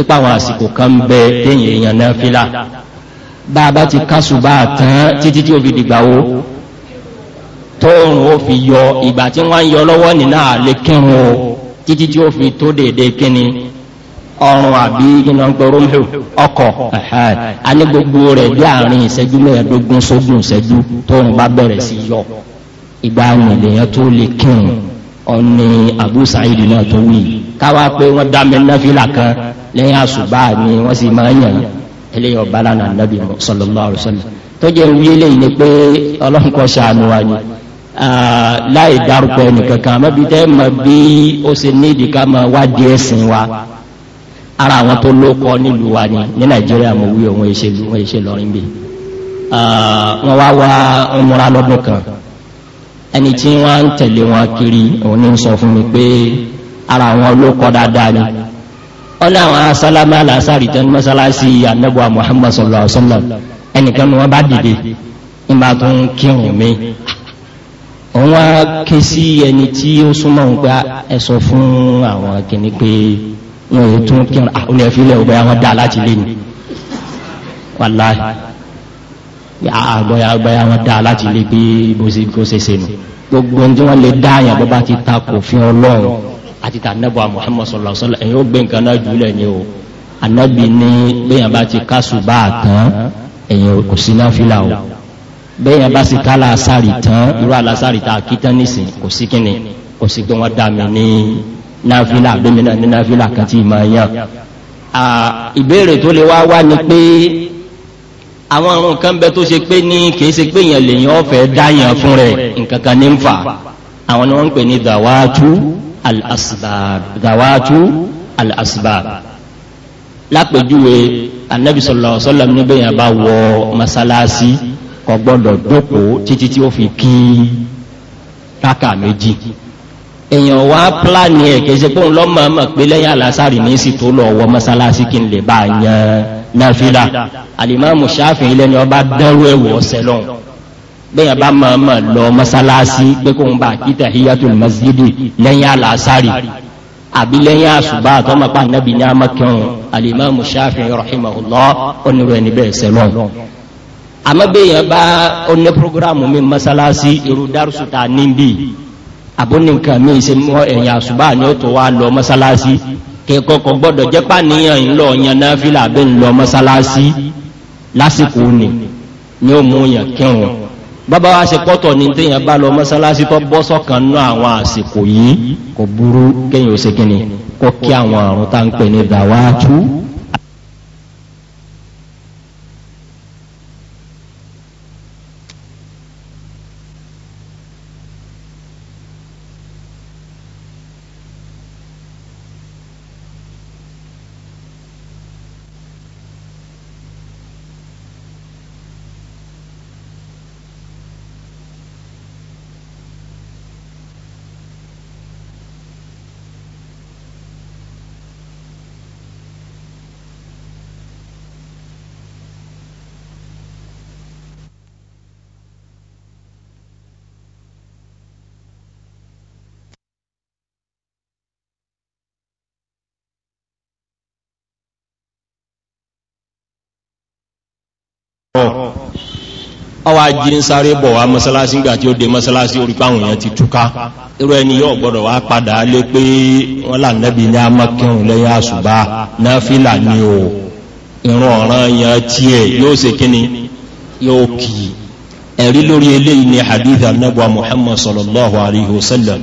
ipa àwọn àsìkò kan bẹ téèyàn èèyàn náfìlà bá a bá ti kásùbà tán títí tí ó fi dìgbà wo tóòrùn ó fi yọ ìgbà tí wọ́n ń yọ lọ́wọ́ nínú àlékírun o títí tí ó fi tó déédéé kíni ọrùn àbí iná gbọ́rọ̀ mú ọkọ̀ a ní gbogbo rẹ bí àárín ìṣẹ́jú mẹ́ẹ̀ẹ́dógún sógún ìṣẹ́jú tóun bá bẹ̀rẹ̀ sí yọ ìgbà àwọn ènìyàn tó lè kírun ọ̀nì Abu náà tó wí káwá pé dá mi kan àṣùbà ni sì máa ń yàn eléyìí ọba nàbì tó wí ni pé ọlọ́run kọ́ wa ni láì dárúkọ ẹnìkankan àmọ́ bí tẹ́ bí ó ṣe ní ìdíkà máa wá di ẹ̀sìn wa. ara àwọn tó ló kọ́ nílùú wa ni ní nàìjíríà mo wí òun èṣe òun èṣe lọ́rin bì ah, wọ́n wá wá múra lọ́dún kan ẹni tí wọ́n ń tẹ̀lé wọn kiri òun ní sọ fún mi pé ara àwọn ló kọ́ dáadáa ni wọ́n ní àwọn asálámà aláṣárì tẹ́nu mọ́sálásí anábọ̀ muhammad sallallahu alaihi sallam ẹnìkan ni wọ́n bá dìde nígbà tó ń kírun mi òun wá ké sí ẹni tí ó súnmọ́ òun gba ẹ̀sọ́ fún àwọn kìnnìkan wọn èyí ah, tún kíran àwọn ẹ̀fílẹ̀ ọgbẹ́ àwọn dá láti lè ní wàláì àgbọ̀yà ọgbẹ́ àwọn dá láti lè bí ibòsí kó ṣe ṣe nù gbogbo tí wọ́n lè dá àyàn bọ́bá ti ta kò fi ọlọ́run àti tànẹ́bọ̀ Muhammad sallallahu alaihi wasallam ẹ̀yìn ó gbé nǹkan náà jùlẹ̀ ni o anábì ní bẹ́yàn bá ti kásù bá tán ẹ̀yìn kò sí náà fílà o bẹ́yàn bá sì ká làásàrì tán irú àlàásàrì tá kí tán nísìn kò sí kíni kò sí pé wọ́n dá mi ní náfílà gómìnà ní náfílà kan tí ma yàn ìbéèrè tó lè wá wá ni pé àwọn àrùn kan bẹ tó ṣe pé ní kìí ṣe pé èèyàn lèyàn ọ̀fẹ́ dáyàn fún rẹ̀ nǹkan kan ní ń fà àwọn ni wọ́n ń pè ní dàwátú al-asbab dàwátú al-asbab lápèjúwe anabi sallallahu alaihi níbẹ̀ yẹn bá wọ masalasi kò gbọ́dọ̀ jókòó títí tí ó fi kí káka méjì èèyàn wá pílánì ẹ̀ kìí ṣe pọ́n lọ́mọ mọ̀ pé lẹ́yìn alásàrì ní sì tó lọ wọ mọ́sálásí kí n lè bá yan náfílà alìmọ́mù sáfin ilẹ̀ ni ọba dẹ́rù ẹ̀wọ̀ ọ̀sẹ̀ lọ́n bẹ́yàn bá mọ̀ mọ̀ lọ mọ́sálásí pé kóun bá kíta hiyatul masjidi lẹ́yìn alásàrì àbí lẹ́yìn àṣùbá àtọ́mọ̀pá nàbì ní amákẹ́hùn alìmọ́mù àbónìkan míì ṣe mọ́ ẹ̀yìn àṣùbà ni ó tó wá lọ mọ́sálásí kẹ́kọ̀ọ́kọ́ gbọ́dọ̀ jẹ́pà níyàn ńlọ yan náfìlà bí ńlọ mọ́sálásí lásìkò ni ni ó mú yàn kírun bàbá wa ṣe pọ́tọ̀ ní téèyàn bá lọ mọ́sálásí tó bọ́ sọ́kàn náà àwọn àsìkò yìí kò burú kéèyàn ó ṣe kí àwọn àrùn tá ní dàwátú ọwà jí ń sáré bọ̀ wá mọ́sálásí ń gbà tí ó dé mọ́sálásí orí páwọn èèyàn ti túká irú ẹni yóò gbọ́dọ̀ wá padà lé pé wọ́n là nẹ́bí ní amákẹ́hùn lẹ́yìn àṣùbá náfílà ni o ìran ọ̀ràn yẹn tiẹ̀ yóò ṣe kíni yóò kì í ẹ̀rí lórí eléyìí ni hadith anabu muhammad sallallahu alaihi wa sallam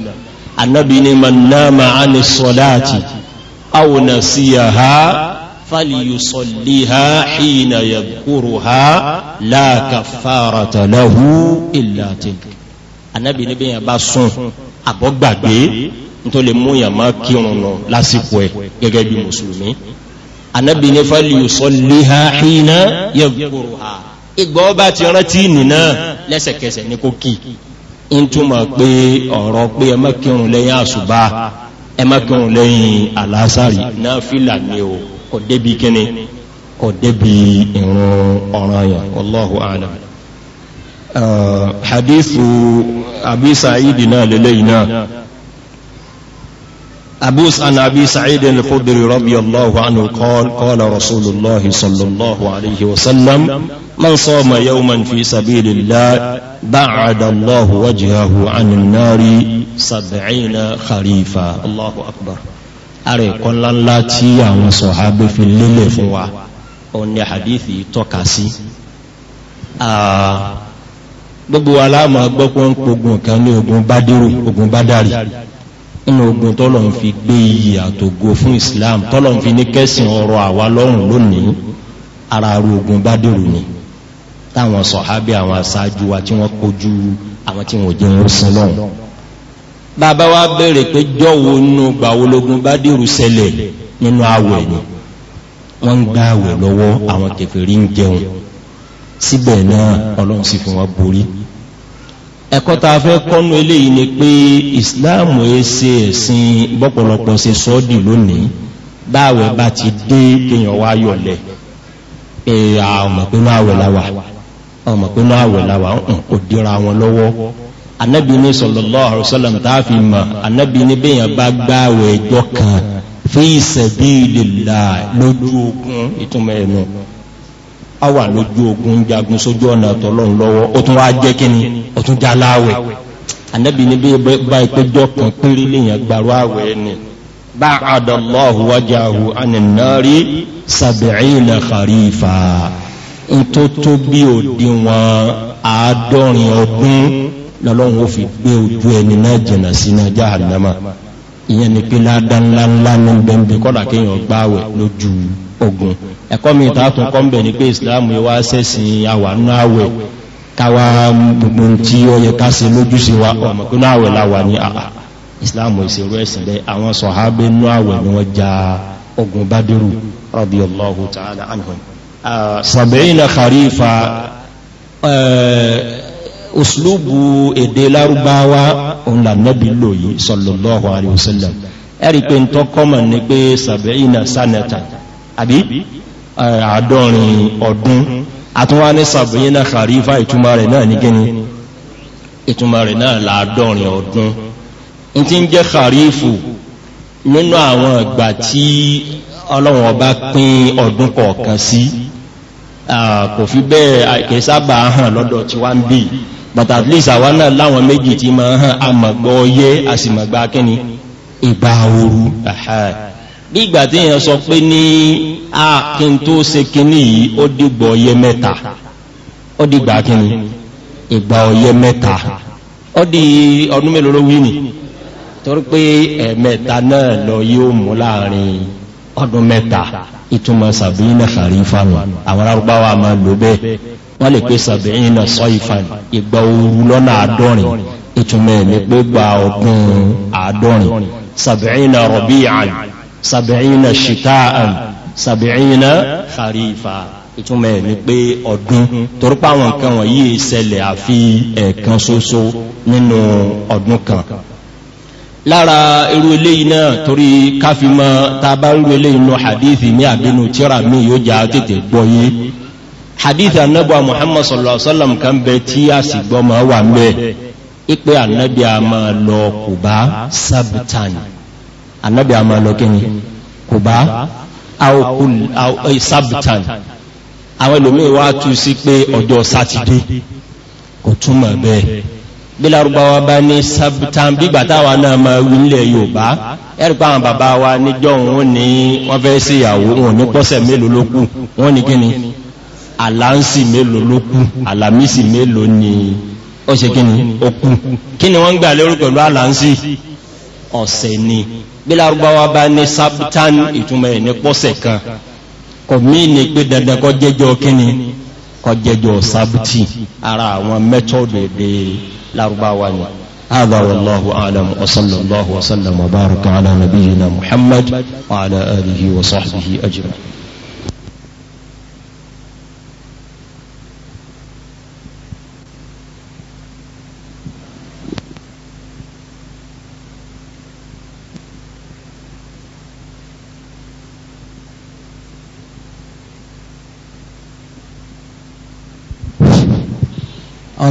anabi ni man nama ani sọláàtì aw nasiyaha فليصليها حين يذكرها لا كفارة له إلا تلك النبي نبي يباسون àbọ́gbàgbé tó lè mú yàmá kírun nù lásìkò ẹ̀ gẹ́gẹ́ bí mùsùlùmí anábì ní fàlìyùsọ léha hìna yẹ́gbòrò ha ìgbọ́ bá ti rántí nìna lẹ́sẹ̀kẹsẹ̀ ní kó kí in túnmà pé ọ̀rọ̀ pé ẹmọ́ kírun lẹ́yìn àṣùbá ẹmọ́ kírun lẹ́yìn àlásàrì náà fìlà ní o kò débi kíni kò débi ìrun ọ̀ràn yẹn wallahu a'lam. Uh, hadithu abi sa'id náà lélẹ́yìn náà abus an abi sa'id al-khudri radiyallahu anhu qala qala rasulullah sallallahu alayhi wa sallam man sama yawman fi sabilillah ba'ada allahu wajhahu 'anil nari sab'ina kharifa allahu akbar ààrẹ ẹ̀kọ́ ńláńlá tí àwọn sọ̀hábé fi lélẹ̀ fún wa òun ni hadith tọ́ka sí gbogbo aláàmà gbọ́pọ̀ ń pogun kan ní ogun bádírù ogun bádàrí nínú ogun tọ́lọ̀ ń fi gbé iyì àtògo fún Islam tọ́lọ̀ ń fi ní kẹ́sìn ọrọ̀ àwa lọ́rùn lónìí ara ru ogun bádírù ni táwọn sọ̀hábé àwọn aṣáájú wa tí wọ́n kojú àwọn tí wọ́n jẹun sí lọ́rùn bàbá wa béèrè pé jọ́wọ́ nù gbàwológun bá dìrù ṣẹlẹ̀ nínú àwẹ̀ ni wọ́n ń gba àwẹ̀ lọ́wọ́ àwọn kèfèrí ń jẹun síbẹ̀ náà ọlọ́run sì fún wa borí ẹ̀kọ́ ta fẹ́ kọ́nu eléyìí ni pé ìsìláàmù ẹ ṣe ẹ̀sìn bọ́pọ̀lọpọ̀ ṣe sọ́ọ́dì lónìí báwẹ̀ bá ti dé kéèyàn wá yọ̀lẹ̀ pé àwọn ọmọ pínú àwẹ̀ láwà ọmọ pínú àwẹ̀ láwà ń kò dira wọn lọ́wọ́ anabi ní sallallahu alaihi wasallam tá a fi mọ̀ anabi ní bẹ́yàn bá gbààwẹ̀ ẹjọ́ kan fi sabilillah lójú ogun ìtumọ̀ ẹ̀nu awa lójú ogun jagun sójú ọ̀nà àtọ̀lọ́run lọ́wọ́ ó tún wá jẹ́ kínní ó tún já láwẹ̀ anabi ní bẹ́yàn bá ìpẹ́jọ́ kan péré lèyàn gbàrú àwẹ̀ ẹni ba'adallahu wajahu anin nari sab'ina kharifa ntótó bí òdiwọ̀n àádọ́rin ọdún lọ́lọ́run ó fi gbé ojú ẹni náà jìnnà sínú jahannama ìyẹn ni pé ládá ńlá ńlá ní bẹ́ńbẹ́ kọ́dà kéèyàn gbáwẹ̀ lójú ogun ẹ̀kọ́ mi ìta tún kọ́ ń bẹ̀ ni pé ìsìláàmù yẹn wá sẹ́sìn àwà nú àwẹ̀ káwa gbogbo tí ó yẹ ká ṣe lójú sí wa ọmọ pé nú àwẹ̀ làwà ní àà ìsìláàmù ìṣèrú ẹ̀sìn bẹ́ẹ̀ àwọn sọ̀hábẹ́ nú àwẹ̀ ni wọ́n ja ogun bádẹ́rù radiyallahu ta'ala anhum sab'ina kharifa òṣìlúbù èdè lárúbáwá òun lànàbí lò yìí sallallahu alayhi wa sallam ẹ̀rí pé ń tọ́kọ́mọ̀ ní pé sàbẹ̀yìnà sánẹ̀tà àbí àádọ́rin ọdún àtúnwá ní sàbẹ̀yìnà kharifa ìtumọ̀ rẹ̀ náà ní gíní ìtumọ̀ rẹ̀ náà láàádọ́rin ọdún ń ti ń jẹ́ kharifu nínú àwọn ìgbà tí ọlọ́run ọba pín ọdún kọ̀ọ̀kan sí kò fi bẹ́ẹ̀ àìkẹ́sábà hàn lọ́dọ̀ tí wá ń bì but at least àwa náà láwọn méjì tí ma hàn àmàgbọ́ ọyẹ́ àsìmàgbà kíni ìgbà ooru bí ìgbà tí èèyàn sọ pé ní àkín tó ṣe kíní yìí ó dìgbà ọyẹ́ mẹ́ta ó dìgbà kíni ìgbà ọyẹ́ mẹ́ta ó di ọdún mélòó ló wí ni torí pé ẹ̀mẹ́ta náà lọ yóò mú láàrin ọdún mẹ́ta ìtumọ̀ sàbí náà kàrí fáwọn àwọn arúgbáwá máa lò bẹ́ẹ̀ wọ́n lè pé sàbẹ̀yìn náà sọ ìfàn ìgbà ooru lọ́nà àádọ́rin ìtumọ̀ ní pé gba ọdún àádọ́rin sàbẹ̀yìn náà rọ̀bí àn sàbẹ̀yìn náà ṣìtá àn sàbẹ̀yìn náà kàrífà ìtumọ̀ ní pé ọdún torípa àwọn nǹkan wọ̀nyí ìṣẹ̀lẹ̀ àfi ẹ̀ẹ̀kan ṣoṣo nínú ọdún kan lára irú eléyìí náà torí káfíńmọ́ tá a bá irú eléyìí nù hadithi ní àbínú tíra mi yóò já tètè gbọ́ hadith anabuwa muhammad sallallahu alaihi wasallam kan bẹ tí a sì gbọ́ ma wà ń bẹ ipe anabi a ma lọ kùbá sabtan anabi a ma lọ kíni kùbá e, sabtan àwọn ẹlòmíì wá tú sí pé ọjọ́ sátidé kò túmọ̀ bẹ́ẹ̀ bí lárúbáwá bá ní sabtan bígbà táwa náà máa wí nílẹ̀ yorùbá ẹ̀rí pa àwọn bàbá wa níjọ́ òun ní wọ́n fẹ́ síyàwó òun ní pọ́sẹ̀ mélòó ló kù wọ́n ní kíni àlàánsì mélòó ló kú àlàmísì mélòó ni ó ṣe kí ni ó kú kí ni wọ́n ń gbà lérò pẹ̀lú àlàánsì ọ̀sẹ̀ ni bí lárúbáwá bá ní sábútán ìtumọ̀ ẹ̀ ní pọ́sẹ̀ kan kò mí ni pé dandan kọ́ jẹ́jọ́ kí ni kọ́ jẹ́jọ́ sábútì ara àwọn mẹ́tọ́dù èdè lárúbáwá ni. هذا والله أعلم وصلى الله وسلم وبارك على نبينا محمد وعلى آله وصحبه أجمعين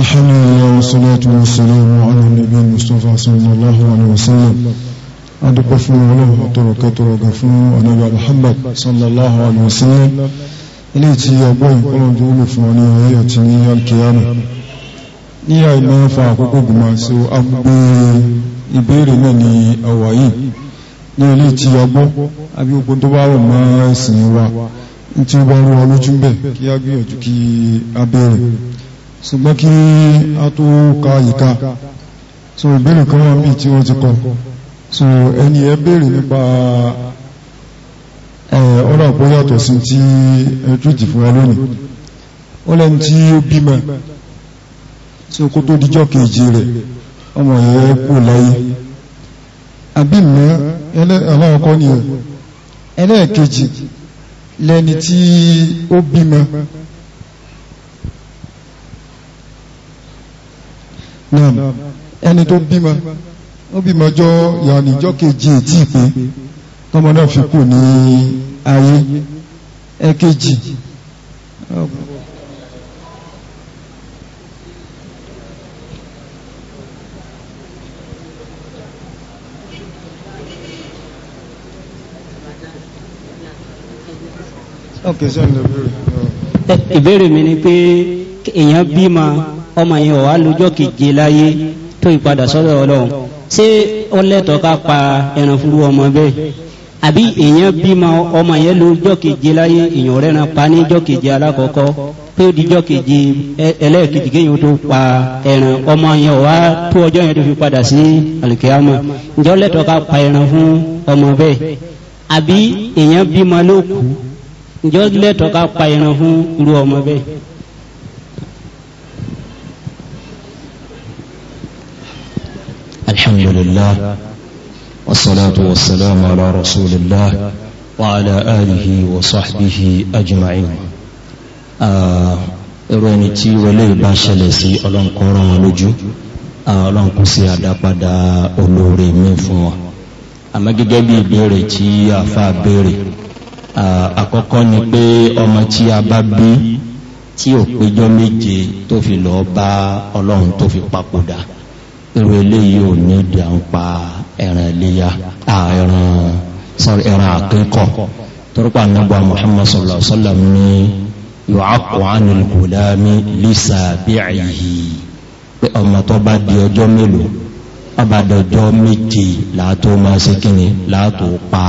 الحمد لله والصلاة والسلام على النبي المصطفى صلى الله عليه وسلم adúpẹ́ fún ọlọ́run àtọrọkẹ́ tọrọgà fún ọ̀nàbà Muhammad sallallahu alaihi wasallam ilé tí ọgbọ́ ìpọ́lọ̀dé wúlò fún ọ̀nà ayé àti ní alkiyama ní àìmọ́ fa àkókò gbùmọ̀ sí agbé ìbéèrè náà ní ọwà yìí ní ilé tí ọgbọ́ agbégbogbo tó bá rọ̀ mọ́ ẹ̀sìn wa tí ó bá rọ̀ ọlójú bẹ̀ kí á gbìyànjú kí á béèrè ṣùgbọ́n kí a tó ka ìka so ìbéèrè kan wọ́n bí tí ó ti kọ so ẹni ẹ béèrè nípa ọ̀rọ̀ àpò yàtọ̀ sí tí ẹtùtì fún ẹ lónìí ó lẹ́ni tí ó bímọ tí ó kó tó díjọ́ kejì rẹ̀ ọmọ ẹ̀ kú láyé àbí mọ́ aláwọ̀kọ́ naam ẹni tó bímọ ó bímọ jọ yàní ìjọ kejì ètí ìpè tọmọ náà fi kù ní ayé ẹ̀kejì ìbéèrè mi ni pé èèyàn bímọ ọmọ yẹn wà lójọ́ keje láyé tó ìpadà sọ́dọ̀ ọlọ́run ṣé ọlẹ́tọ̀ ká pa ẹran fúru ọmọ bẹ́ẹ̀ àbí èèyàn bímọ ọmọ yẹn láyé èèyàn náà pa pé ó kéèyàn tó pa ẹran ọmọ yẹn wà tó yẹn tó fi padà sí ká pa ẹran fún ọmọ bẹ́ẹ̀ àbí èèyàn bímọ ló kù ǹjọ́ ká pa ẹran fún الحمد لله والصلاة والسلام على رسول الله وعلى آله وصحبه أجمعين ìròyìn tí wọlé ìbá ṣẹlẹ̀ sí ọlọ́nkọ́ rán wọn lójú ọlọ́nkún sí àdápadà olóore mi fún wọn àmọ́ gẹ́gẹ́ bí ìbéèrè tí àfa béèrè àkọ́kọ́ ni pé ọmọ tí a bá bí tí ò péjọ́ méje tó fi lọ́ọ́ bá ọlọ́run tó fi papòdà irú eléyìí ò ní di à ń pa ẹran iléyà ẹran sọrí ẹran àkíkọ torípa anábọ Muhammad sallallahu alaihi wa sallam ní yu'aqqu 'anil gulami pé ọmọ tó bá di ọjọ́ mélòó ọba dọjọ́ méje láàtó máa ṣe kíni láàtó pa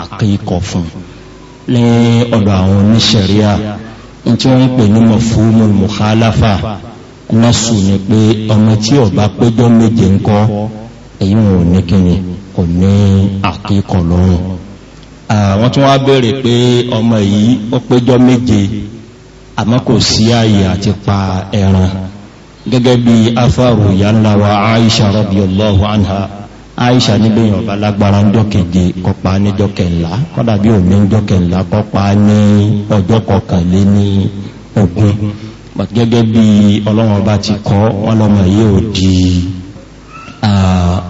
àkíkọ fún ní ọ̀dọ̀ àwọn oníṣẹ̀ríà ní tí wọ́n ń pè ní mafhumul mukhalafa násù ni pé ọmọ tí ọba péjọ méje ńkọ́ èyí wọn ò ní kíni kò ní àkíkọ lọ́rùn àwọn tí wọ́n bèèrè pé ọmọ yìí ó péjọ méje àmọ́ kò sí ààyè àti pa ẹran gẹ́gẹ́ bí afárò ìyánlá wa aisha radiyallahu anha aisha níbi èèyàn ọba lágbára ńjọ́ keje kọpa níjọ́ kẹ̀ńlá kọ́dà bí òní ńjọ́ kẹ̀ńlá kọpa ní ọjọ́ kọkànlé ní ogún gẹ́gẹ́ bí ọlọ́run ọba ti kọ́ wọn lọ́mọ yìí ò di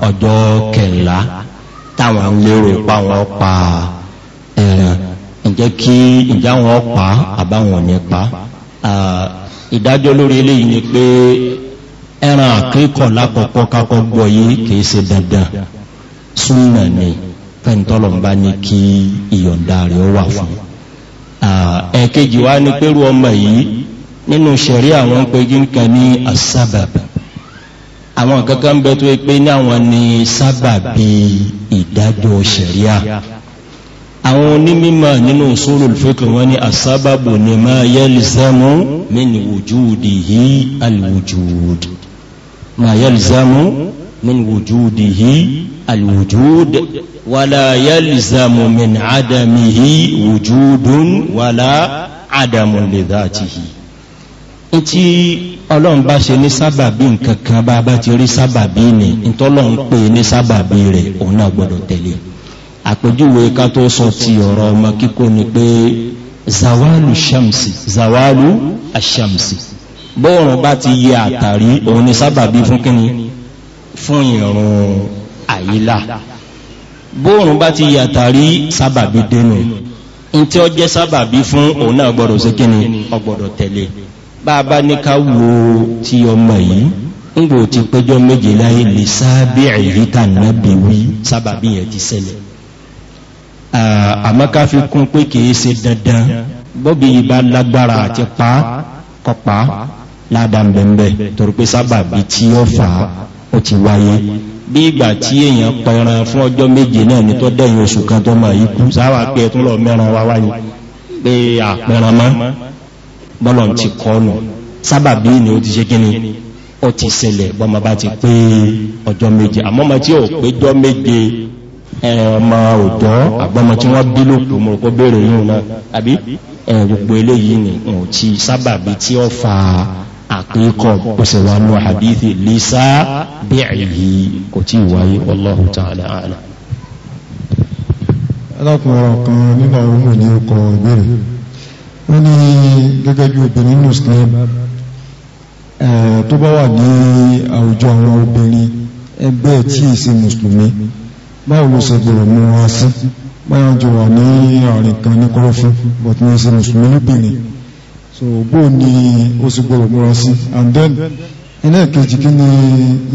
ọjọ́ kẹ̀ńlá táwọn lérò pa wọn pa ẹ̀ràn ǹjẹ́ kí ìjà wọn pa àbáwọn ò ní pa ìdájọ́ lórí eléyìí ni pé ẹran àkíkọ̀ lákọ̀ọ́kọ́ kákọ́ gbọ́ yìí kìí ṣe dandan súnmọ̀ ni fẹ́ntọ́lọ̀mbá ní kí ìyọ̀ǹda rẹ̀ wà fún ẹ̀kejì wá ní pẹ́rù ọmọ yìí nínú ṣẹ̀rí àwọn pé gínkan ní asábàbà àwọn kankan bẹ tó pé ní àwọn ní sábàbí ìdájọ́ ṣẹ̀ríà àwọn onímọ̀ nínú usulul fiqh wọn ní asábàbò ní ma yalzamu min wujudihi alwujud ma yalzamu min wujudihi alwujud wala yalzamu min adamihi wujudun wala adamu lidhatihi ntí ọlọ́run bá ṣe ní sábàbí nǹkan kan bá a bá ti rí sábàbí ni ntọ́lọ́run pè ní sábàbí rẹ̀ òun náà gbọ́dọ̀ tẹ̀lé àpèjúwe ká tó sọ ti ọ̀rọ̀ ọmọ kíkó ni pé zawalu shamsi zawalu ashamsi bóòrùn bá ti yẹ àtàrí òun ni sábàbí fún kíni fún ìrùn àyílà bóòrùn bá ti yẹ àtàrí sábàbí dénú ntí ọjẹ́ sábàbí fún òun náà gbọ́dọ̀ ṣe kíni ó tẹ̀lé bàbá ní ká wo ti ọmọ yìí ń gbò ti péjọ méje láyé lè sáábì èyí tà nábì wí sábàbí yẹn ti ṣẹlẹ̀ àmọ́ ká fi kún pé kìí ṣe dandan bọ́bí yìí bá lágbára àti pa kọpa ládàá bẹ̀m̀bẹ̀ torí pé sábàbí tí ó fà á ó ti wáyé bí ìgbà tí èèyàn pẹran fún ọjọ́ méje náà ní tó dẹ̀yìn oṣù kan tó máa yí kú sáwà pé ẹ̀tún lọ mẹ́ran wá wáyé pé àpẹran mọ́ bọ́lọ̀ ti kọ́nù sábàbí ni ó ti ṣe kíni ó ti ṣẹlẹ̀ bọ́mọ bá ti pé ọjọ́ méje àmọ́ ọmọ tí ò péjọ́ méje ọmọ òjọ́ àgbọ́mọ tí wọ́n bí lóko mo kó béèrè yìí náà àbí gbogbo eléyìí ni ò ti sábàbí tí ó fa àkíkọ̀ ó sì wà nù hadithi lisa bi'ihi kò tí ì wáyé wallahu ta'ala a'lam. alákùnrin ọ̀kan nínú àwọn ọmọ ìlú ọkọ̀ ìbéèrè wọ́n ní gẹ́gẹ́ bí obìnrin ní Islam tó bá wà ní àwùjọ àwọn obìnrin ẹgbẹ́ tí ìsìn mùsùlùmí báwo ló ṣe gbọ́rọ̀ mú wọn sí báyọ̀ jọ wà ní àárín kan ní kọ́rọ́fún but ní ìsìn mùsùlùmí lóbìnrin so bó ni ó sì gbọ́rọ̀ mú wọn sí and then iná kejì kí ni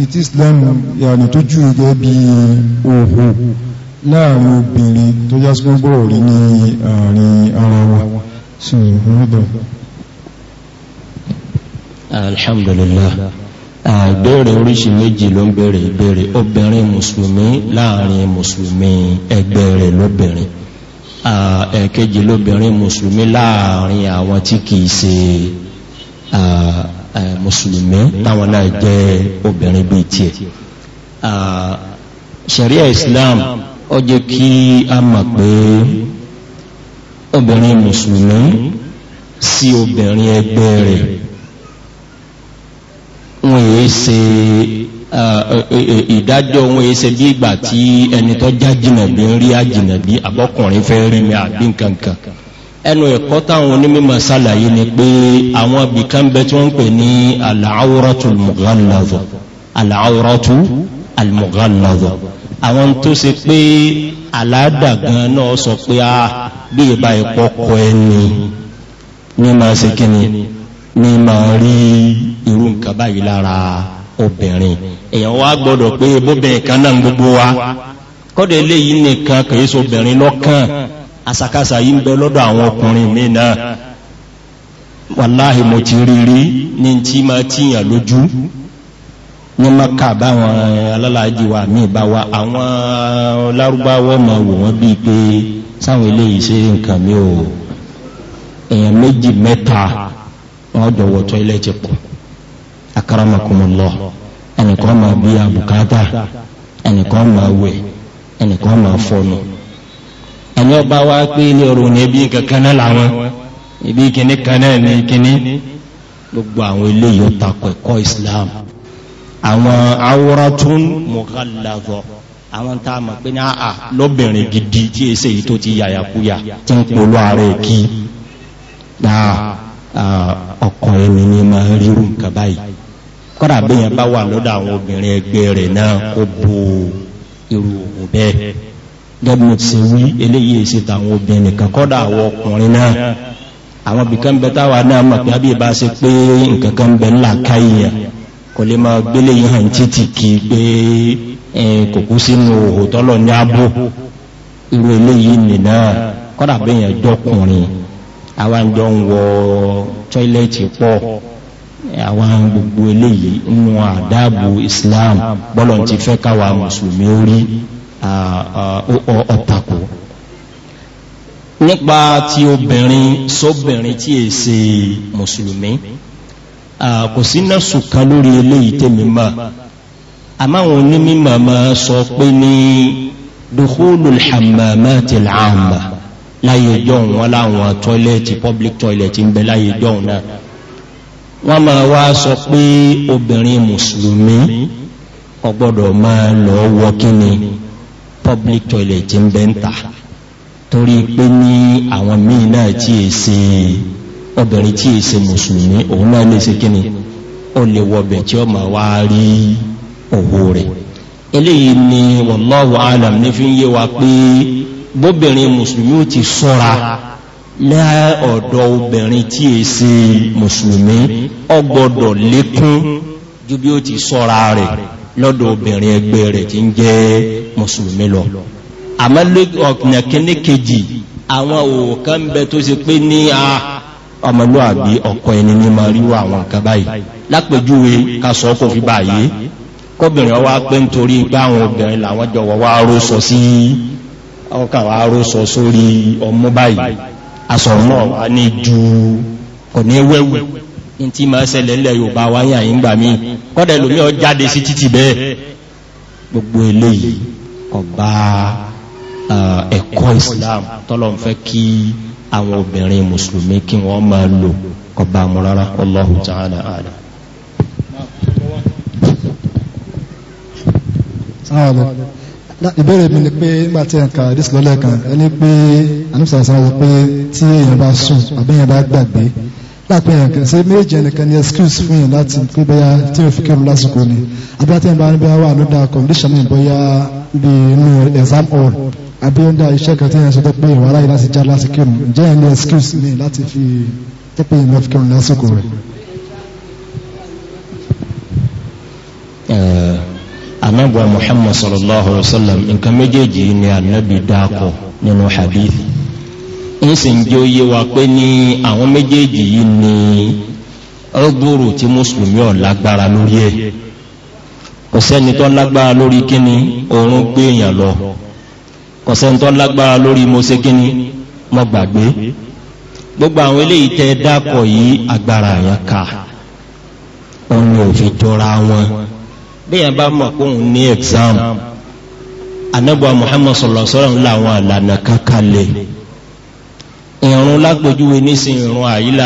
ìtí Islam yàrá tó jù gẹ́gẹ́ bí òhò láàrin obìnrin tó já sí gbọ́rọ̀ rí ní àárín ara wa Ah, alhamdulillah ah, ìbéèrè oríṣi méjì ló ń béèrè ìbéèrè obìnrin mùsùlùmí láàrin mùsùlùmí ẹgbẹ́ rẹ̀ lóbìnrin ah, ẹ̀kejì lóbìnrin mùsùlùmí láàrin àwọn tí kìí ṣe eh, mùsùlùmí táwọn náà jẹ́ obìnrin bíi tiẹ̀ sharia islam ó kí a mọ̀ pé obìnrin mùsùlùmí sí obìnrin ẹgbẹ́ rẹ̀ wọ́n yìí ṣe ìdájọ́ wọ́n yìí ṣe bí ìgbà tí ẹni tó já jìnàbí ń rí àjìnàbí àbọ́kùnrin fẹ́ rí mi àbí nkankan ẹnu ẹ̀kọ́ táwọn onímọ̀ sàlàyé ni pé àwọn abìkan bẹ tí wọ́n ń pè ní al-awratu al-mughalladha àwọn tó ṣe pé aládàgán náà sọ pé a. Ah, bí ìbá ìpọkọ ẹni ní máa ṣe kíni ní máa rí irú nǹkan báyìí lára obìnrin èèyàn wá gbọ́dọ̀ pé bóbìnrin kan náà gbogbo wa kọ́dọ̀ eléyìí nìkan kìí so obìnrin lọ́kàn àsàkásà yìí ń bẹ lọ́dọ̀ àwọn ọkùnrin mi náà wàláhì mo ti rí rí ní tí máa tíyàn lójú àwọn lárúbáwọ́ máa wò bíi pé sáwọn eléyìí ṣe nǹkan mi ò èèyàn méjì mẹ́ta wọ́n jọ wọ tọ́ílẹ̀tì pọ̀ akaramakumullah ẹnìkan máa bí abùkátà ẹnìkan máa wẹ̀ ẹnìkan máa fọnù ẹni ọba wa pé ilé ọrùn ní ibi kankan náà làwọn ibi kìíní kan náà ní kìíní gbogbo àwọn eléyìí ó takò ẹ̀kọ́ Islam àwọn awratun mughalladha àwọn tá a mọ̀ pé ní àà lọ́bìnrin gidi tí è ṣe yìí tó ti yàyàkúyà tí ń polú ààrẹ kí dáa ọkọ̀ ẹni ní ma ríru nǹkan báyìí kọ́dà bí yẹn bá wà lọ́dọ̀ àwọn obìnrin ẹgbẹ́ rẹ̀ náà ó bo irú òun bẹ́ẹ̀ gẹ́gbẹ́ ti wí eléyìí èsì tàwọn obìnrin nìkan kọ́dà àwọn ọkùnrin náà àwọn bìkan bẹ táwa náà mọ̀ pé àbí ìbá ṣe pé nǹkan kan bẹ ńlá káyìyàn kò lè máa gbélé yìí hàn títì kí gbé kò kú sínú òhò tọ́lọ̀ ní abó irú eléyìí nìna kọ́dà bẹ́yẹn jọkùnrin àwa ń jọ ń wọ tọ́ílẹ̀tì pọ̀ àwa gbogbo eléyìí nínú àdáàbò Islam bọ́lọ̀ ti fẹ́ káwa mùsùlùmí orí ọ̀tàkù nípa ti obìnrin sóbìnrin tí è ṣe mùsùlùmí kò sí náà sùkà lórí eléyìí tèmi mà àmọ́ àwọn onímọ̀ máa sọ pé ní dukhulul hammamatil amma láyé jọ̀hún wọn láwọn tọ́lẹ̀tì public toilet ń bẹ láyé jọ̀hún náà wọ́n máa wá sọ pé obìnrin mùsùlùmí kò gbọ́dọ̀ máa lọ wọ kíni public toilet ń bẹ ń ta torí pé ní àwọn míì náà tí è obìnrin tí è ṣe mùsùlùmí òun náà lè ṣe kíni ó lè wọbẹ̀ tí ó ma wá rí owó rẹ̀ eléyìí ni wallahu alam ní fi ń yé wa pé bóbìnrin mùsùlùmí ó ti sọ́ra lẹ́ ọ̀dọ̀ obìnrin tí è ṣe mùsùlùmí ó gbọ́dọ̀ lékún ju bí ó ti sọ́ra rẹ̀ lọ́dọ̀ obìnrin ẹgbẹ́ rẹ̀ tí ń jẹ́ mùsùlùmí lọ àmọ́ ọ̀nà kíní kejì àwọn òòkan bẹ tó ṣe pé ní a. Ah, ọmọlúwàbí ọkọ ẹni ní ma ríru àwọn nǹkan báyìí lápèjúwe ká sọ kò fi báyìí kóbìnrin ọwá pé nítorí pé àwọn obìnrin làwọn jọ wọ́n wá rósọ sí ọkà wá rósọ sórí ọmú báyìí asọ̀mọ́ wa ní ju kò ní wẹ́wù ní tí máa ṣẹlẹ̀ ńlẹ̀ Yorùbá wa yàn yín gbà mí kọ́dẹ̀ lómi ọ jáde sí títì bẹ́ẹ̀ gbogbo eléyìí ọba ẹ̀kọ́ islam tọ́lọ̀ ń fẹ́ kí àwọn obìnrin mùsùlùmí kí wọ́n máa lò kọba mú rárá Allahu ta'ala ààrẹ ìbéèrè mi ni pé nígbà tí ẹ̀ka àdìsí lọ́lẹ̀ kan ẹni pé anúṣà sára sọ pé tí èèyàn bá sùn àbí èèyàn bá gbàgbé láàpẹ èèyàn kan ṣe méjì ẹnìkan ní excuse fún èèyàn láti pé bóyá tí o fi kírun lásìkò ni àbí bá ń bá wà lóda condition mi bóyá inú exam hall àbí ó ń dá iṣẹ́ kan tí yẹn ṣe tó pé ìwà aláyè láti já láti kírun jẹ́ ẹni excuse mi láti fi tó pé ìlú fi kírun lásìkò rẹ̀. anabu muhammad sallallahu alaihi wa sallam nǹkan méjèèjì ni anabi dáko nínú hadith ń sì ń jẹ́ òye wa pé ní àwọn méjèèjì yìí ni ọgbòrò tí mùsùlùmí ọ̀ lágbára lórí ẹ̀ kò sẹ́ni tó lágbára lórí kíni òun gbé èèyàn lọ. kọ̀sẹ̀ntọ́ lágbára lórí mo gịnị kíni gbàgbé gbogbo àwọn eléyìí tẹ́ dákọ̀ yìí agbára yẹn ká òun ò wọn bí yẹn bá mọ̀ pé ní exam anabu muhammad sallallahu alaihi wa àlànà ìrún lágbójúwe ìrún àyílà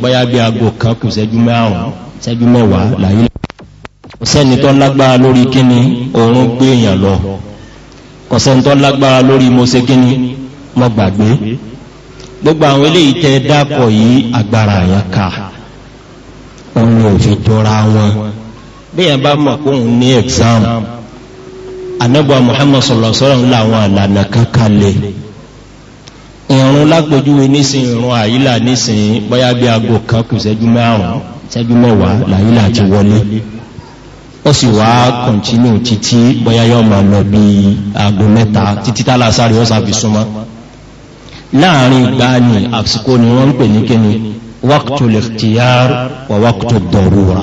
bóyá bí aago kan kù márùn-ún mẹ́wàá làyílà kò sẹ́ni tó lágbára lórí gbé èèyàn lọ. kọ̀sẹ̀ntọ́ lágbára lórí mo ṣe kíni gbogbo àwọn ilé tẹ dákọ̀ yìí agbára yẹn ká òun ò fi jọra wọn bí yẹn bá mọ̀ pé òun ní exam anabuwa muhammad sallallahu alaihi wa sallam àlànà kankan ìrún lágbójúwe ìrún àyílà bí ó sì wá kọ̀ntínú títí bóyá yóò máa lọ bí aago mẹ́ta títí tálà sáré ó sáfi súnmọ́ láàrin ìgbà ni àsìkò ni wọ́n ń pè ní kíni wákùtù lẹ́fìtìyàr wà wákùtù dọ̀rùrà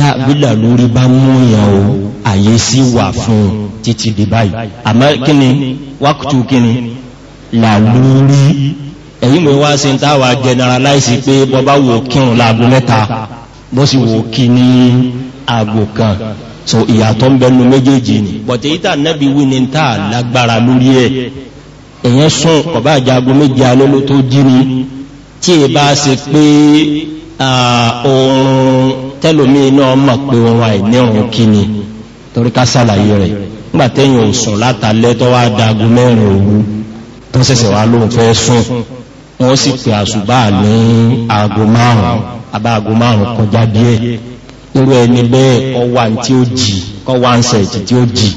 yá bílà lórí bá mú yàn o àyè sí wà fún títí di báyìí àmọ́ kíni wákùtù kíni là lórí èyí mi wá sí ní táwa generalize pé bọ́bá wò kírun láago mẹ́ta bó sì wò kí ní aago kan so ìyàtọ̀ ń bẹnu méjèèjì ni bọ̀tẹ̀ yìí tà nẹ́bi wí ni tá a lágbára lórí ẹ̀ èyàn sùn ọba àjàgbo méje alẹ́ ló tó jí ni tí ì bá ṣe pé oorun tẹlomiin náà mọ̀ pé oorun àìnírun kí ni torí ká ṣàlàyé rẹ̀ nígbà téèyàn ò sùn látàlẹ́ tó wá dagun mẹ́rin òru tó ṣẹ̀ṣẹ̀ wá lóun fẹ́ sùn wọ́n sì pè àṣùbà ní aago márùn-ún abáago márùn kọjá díẹ̀ irú ẹni bẹ́ẹ̀ ọwà tí ó jì kọwà ń sẹ̀ tí tí ó jì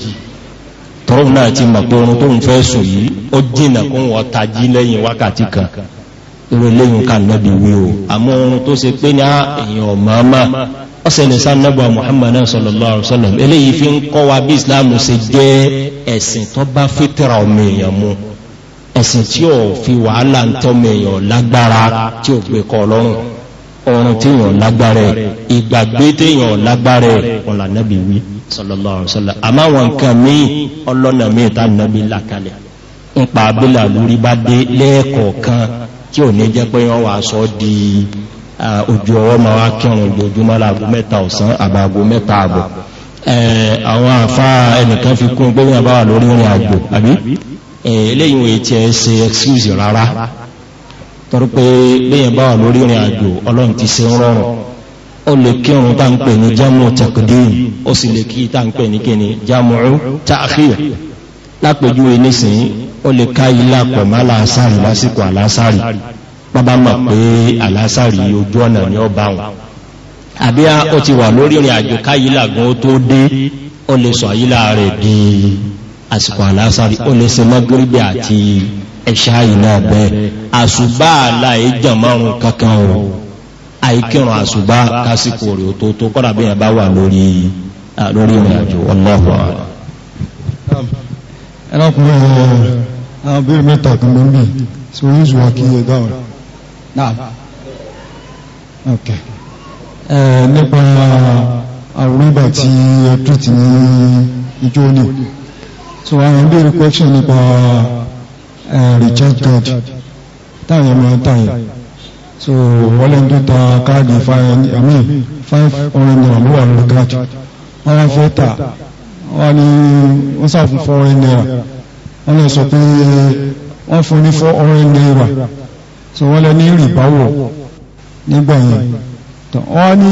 tọ́rọ̀ náà ti mọ̀ pé oorun tó ń fẹ́ sùn yìí ó jìnà kó wọ́n tají lẹ́yìn wákàtí kan irú lẹ́yìn ká nẹ́bi wí o àmọ́ oorun tó ṣe pé ní èèyàn ọ̀mọ́ọ́mọ́ ọmọ èèyàn ẹ̀sìn tí ò fi wàhálà ń tọ́mọ lágbára tí ò gbé kọ́ ọlọ́run ọ̀run téèyàn lágbára ẹ̀ ìgbàgbé téèyàn lágbára ẹ̀ ọ̀là nàbì wí sallallahu alaihi wasallam àmọ́ àwọn nǹkan míì ọlọ́nà míì tá nàbì là kalẹ̀ ń pa abúlé àlórí bá dé lẹ́ẹ̀kọ̀ọ̀kan tí ò ní jẹ́ pé wọ́n wàá sọ di ojú ọwọ́ máa wá kírun ojoojúmọ́ láago mẹ́ta ọ̀sán àbáago mẹ́ta àbọ̀ àwọn àfa ẹnìkan fi kún gbẹ́yìn àbáwà lórí ìrìn àgbò àbí eléyìí wòye tiẹ̀ ṣe excuse rárá torí pé léyìn bá wà lórí ìrìn àjò ọlọ́run ti ṣe rọrùn ó lè kírun tá ń pè ní jámù taqdim ó sì lè kí tá ń pè ní kíni jámù ta'khir lápèjúwe nísìnyí ó lè ká ilé àpọ̀mọ́ aláṣárì lásìkò aláṣárì bàbá mọ̀ pé aláṣárì ojú ọ̀nà ni ó bá wọn àbí ó ti wà lórí ìrìn àjò ká ilé àgùn tó dé ó lè sọ àyílà rẹ̀ di àsìkò aláṣárì ó lè ṣe mọ́gíríbì àti ẹ̀ṣá iná bẹ́ àṣùbá aláì jàmárùn kankan o àìkírun àṣùbá kásìkò rẹ̀ tó tó kọ́dà bí yẹn bá wà lórí ìrìn àjò Allahu a'lam. ẹlọ́kùnrin àwọn bí mẹ́ta kan ló ń bì sí oríṣi wa kí ẹ dáhùn. nípa àrùn ibà tí ẹ tù tì ni so àwọn ìbéèrè question nípa uh, recharge card táyẹ̀ máa táyẹ̀ so wọ́n lẹ́nu tó ta káàdì five hundred naira ló wà lórí káàdì wọ́n wá fẹ́ tà wọ́n ní wọ́n sàfún four hundred naira wọ́n lè sọ pé wọ́n fún ní four hundred naira so wọ́n lẹ́ ní rìbáwọ̀ nígbà yẹn wọ́n ní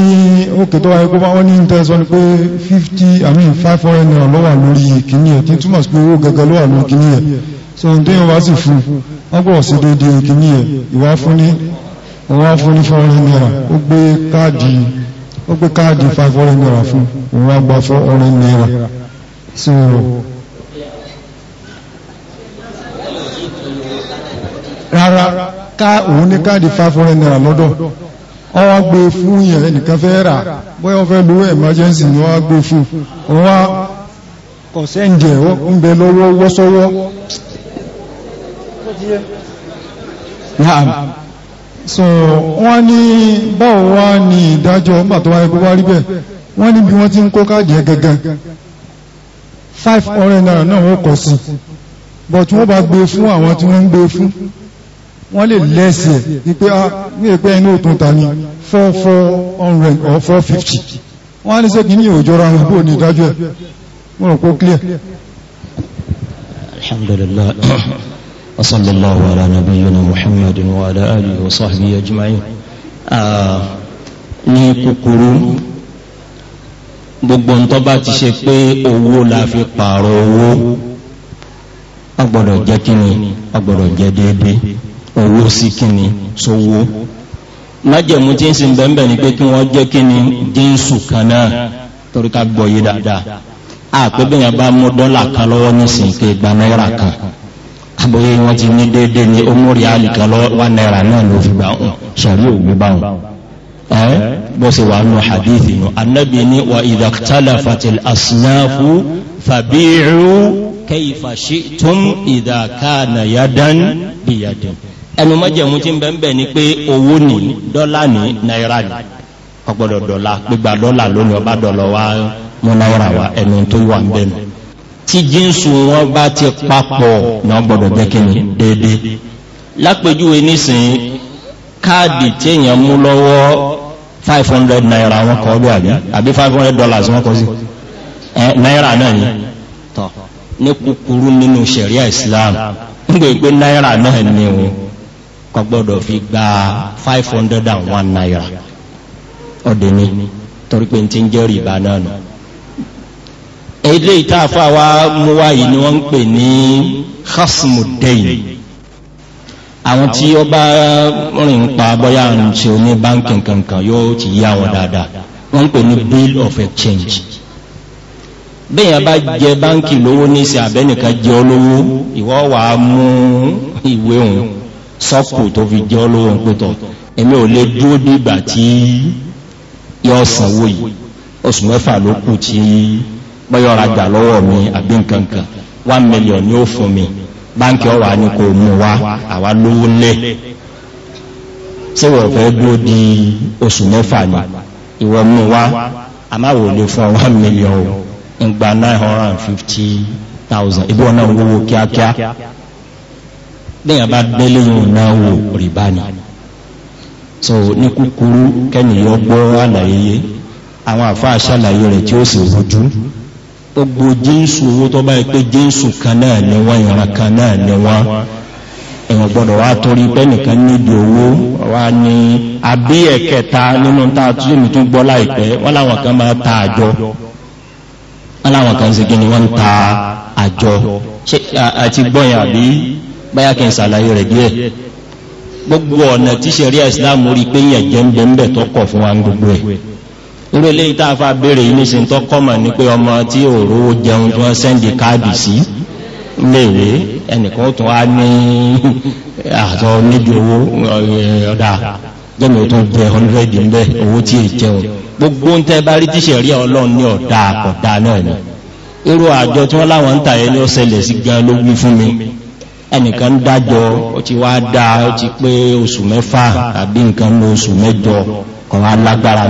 òkè tó wáyé gbọ́bá wọ́n ní ìtẹ́sọ́ ní pé 50 i mean 500 naira ló wà lórí kìíní ẹ̀ tí túmọ̀ sí pé owó gẹ́gẹ́ ló wà lórí kìíní so n déyàn wá sì fún wọn gbọ́ sí dédé kìíní ẹ̀ ìwá fún ní ọwá fún ní four hundred naira ó gbé káàdì ó gbé naira fún òun wá gba four hundred naira so rárá ká òun ní káàdì five hundred naira lọ́dọ̀ wọ́n wá gbé fún yẹn ẹnìkan fẹ́ rà bóyá wọ́n fẹ́ lo emergency ni wọ́n gbé fún wọ́n wá kọ̀sẹ́ǹjẹ̀ ń bẹ lọ́wọ́ wọ́sọ́wọ́ naam so wọ́n ní báwo wá ní ìdájọ́ nígbà tó wáyé bó wá rí bẹ́ẹ̀ wọ́n ní bí wọ́n ti ń kó káàdì ẹ̀ gangan five hundred naira náà wọ́n kọ̀ sí but wọ́n bá gbé fún àwọn tí wọ́n ń gbé fún wọ́n lè lẹ́ẹ̀sì ẹ̀ wípé a ní èpẹ́ inú òtún ta ní four four hundred or four fifty wọ́n á ní sẹ́kì ní òjọra àwọn ìbò ní ìdájọ́ ẹ̀ wọ́n rò pé clear. alhamdulillah وصلى الله على نبينا محمد وعلى آله وصحبه أجمعين ní kúkúrú gbogbo ǹtó bá ti ṣe pé owó la fi pààrọ̀ owó a gbọ́dọ̀ jẹ́ kíni a gbọ́dọ̀ jẹ́ déédé owó sí kíni sówó májẹ̀mú tí ń sin bẹ́ẹ̀bẹ́ẹ̀ ni pé kí wọ́n jẹ́ kíni jíǹsù kan náà torí ká gbọ́ yé dáadáa àpébẹ̀yàn bá mú dọ́là kan lọ́wọ́ nísìnyí pé gba náírà kan bóyá wọ́n ti ní dédé ní omori alìkàlọ́ wà náírà náà ló fi gbà ń sọ̀rí ògbé báwọn ẹ́ bó ṣe wà nù hadith nù anábì ní wa idaktalafat al-asnafu fabi'u kayfa shi'tum idha kana yadan biyadin ẹnu mọ́jẹ̀mú tí ń bẹ́ ni pé owó ní dọ́là ní náírà ní ọgbọ́dọ̀ dọ́là gbígbà dọ́là lónìí ọba dọ́là wa mú náírà wa ẹnu tó wà ń bẹ̀ nù tí jínsù wọn bá ti papọ̀ náà gbọ́dọ̀ jẹ́ kí ni dédé lápèjúwe nísìnyí káàdì tí èèyàn mú lọ́wọ́ five hundred naira wọn kọ́ bí àbí àbí five hundred dollars wọn kọ́ sí ẹ náà ni tọ́ ní kúkúrú nínú ṣẹ̀ríà Islam ń gbé pé náírà náà ni o kò gbọ́dọ̀ fi gba five hundred and one naira ọ̀dẹ̀ ni torí pé n ti ń jẹ́ rìbá náà nù. No ilé ìtàfà wa mú wá yìí ni wọ́n ń pè ní khasmudain àwọn tí ó bá rìn pa bọ́yá ń ṣe oní báńkì kankan yóò ti yá wọn dáadáa wọ́n ń pè ní bill of exchange bẹ́yàn bá jẹ báńkì lówó ní ìsẹ̀ àbẹ́nìkan jẹ olówó ìwọ́ wà á mú ìwé òun sọ́pù tó fi jẹ olówó ń pẹ́tọ̀ èmi ò lè dúró dìgbà tí yọ sanwó yìí oṣù mẹ́fà ló kù tí pẹ́yọ́ rajà lọ́wọ́ mi àbí nkankan one million ni ó fún mi báńkì ọ̀wà ni kò mú wa àwa lówó lé ṣé fẹ́ dúró di oṣù mẹ́fà ni ìwọ mú wa àmáwò lè fún one million ń gba nine hundred and fifty thousand ibi wọn náà kíákíá lẹ́yìn délé yìí náà wò rìbá ni so ní kúkúrú kẹ́nìyàn gbọ́ àlàyé àwọn àfa àṣàlàyé rẹ̀ tí gbogbo jínsù owó tó báyìí pé jínsù kan náà ni wọ́n ìran kan náà ni wọ́n èèyàn gbọ́dọ̀ wá torí pẹ́nìkan nídìí owó wá ní àbí ẹ̀kẹta nínú tá a tún èmi tún gbọ́ láìpẹ́ wọ́n láwọn kan máa ta àjọ wọ́n láwọn kan sì kíni wọ́n ń ta àjọ àti gbọ́yìn àbí báyà kí n ṣàlàyé rẹ̀ díẹ̀ gbogbo ọ̀nà tíṣẹ̀rí Islam rí pé yẹn jẹ́ ń bẹ́ẹ̀ tọkọ̀ fún wa ń gbogbo ẹ̀ irú ilé ìta àfà béèrè yìí níṣẹ́ tó kọ́mọ̀ ní pé ọmọ tí òòrò jẹun tí wọ́n sẹ́ndì káàdì sí léèwé ẹnìkan tó wá ní àtọ ah, níbi owó eh, ọ̀dà jẹ́mi tó jẹ 100 ń bẹ́ owó tí è jẹun gbogbo ń tẹ́ bá rí tíṣẹ̀ rí ọlọ́run ní ọ̀dà àkọ̀dà náà ni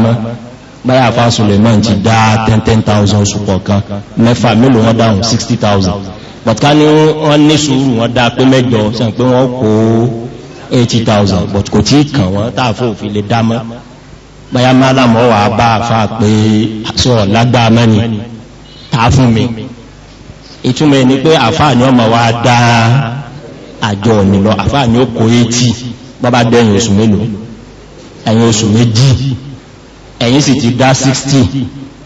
náà báyà fa Suleiman ti dá ten ten thousand sùpọ̀ kan mẹ́fà mélòó wọn dáhùn sixty thousand but ká ní wọ́n ní sùúrù wọn dá pé mẹ́jọ sàn pé wọ́n kó eighty thousand but kò tí ì kàn wọ́n tá a fò òfin lè dá mọ́ báyà mádàmú wà á bá a fa pé sọ̀rọ̀ lágbàá mẹ́ni tá a fún mi ìtumọ̀ ẹni pé àfààní ọmọ wa dá àjọ mi lọ àfààní ó kó eighty bàbá dẹ́yìn oṣù mélòó ẹ̀yìn oṣù méjì ẹ̀yin sì ti dá 60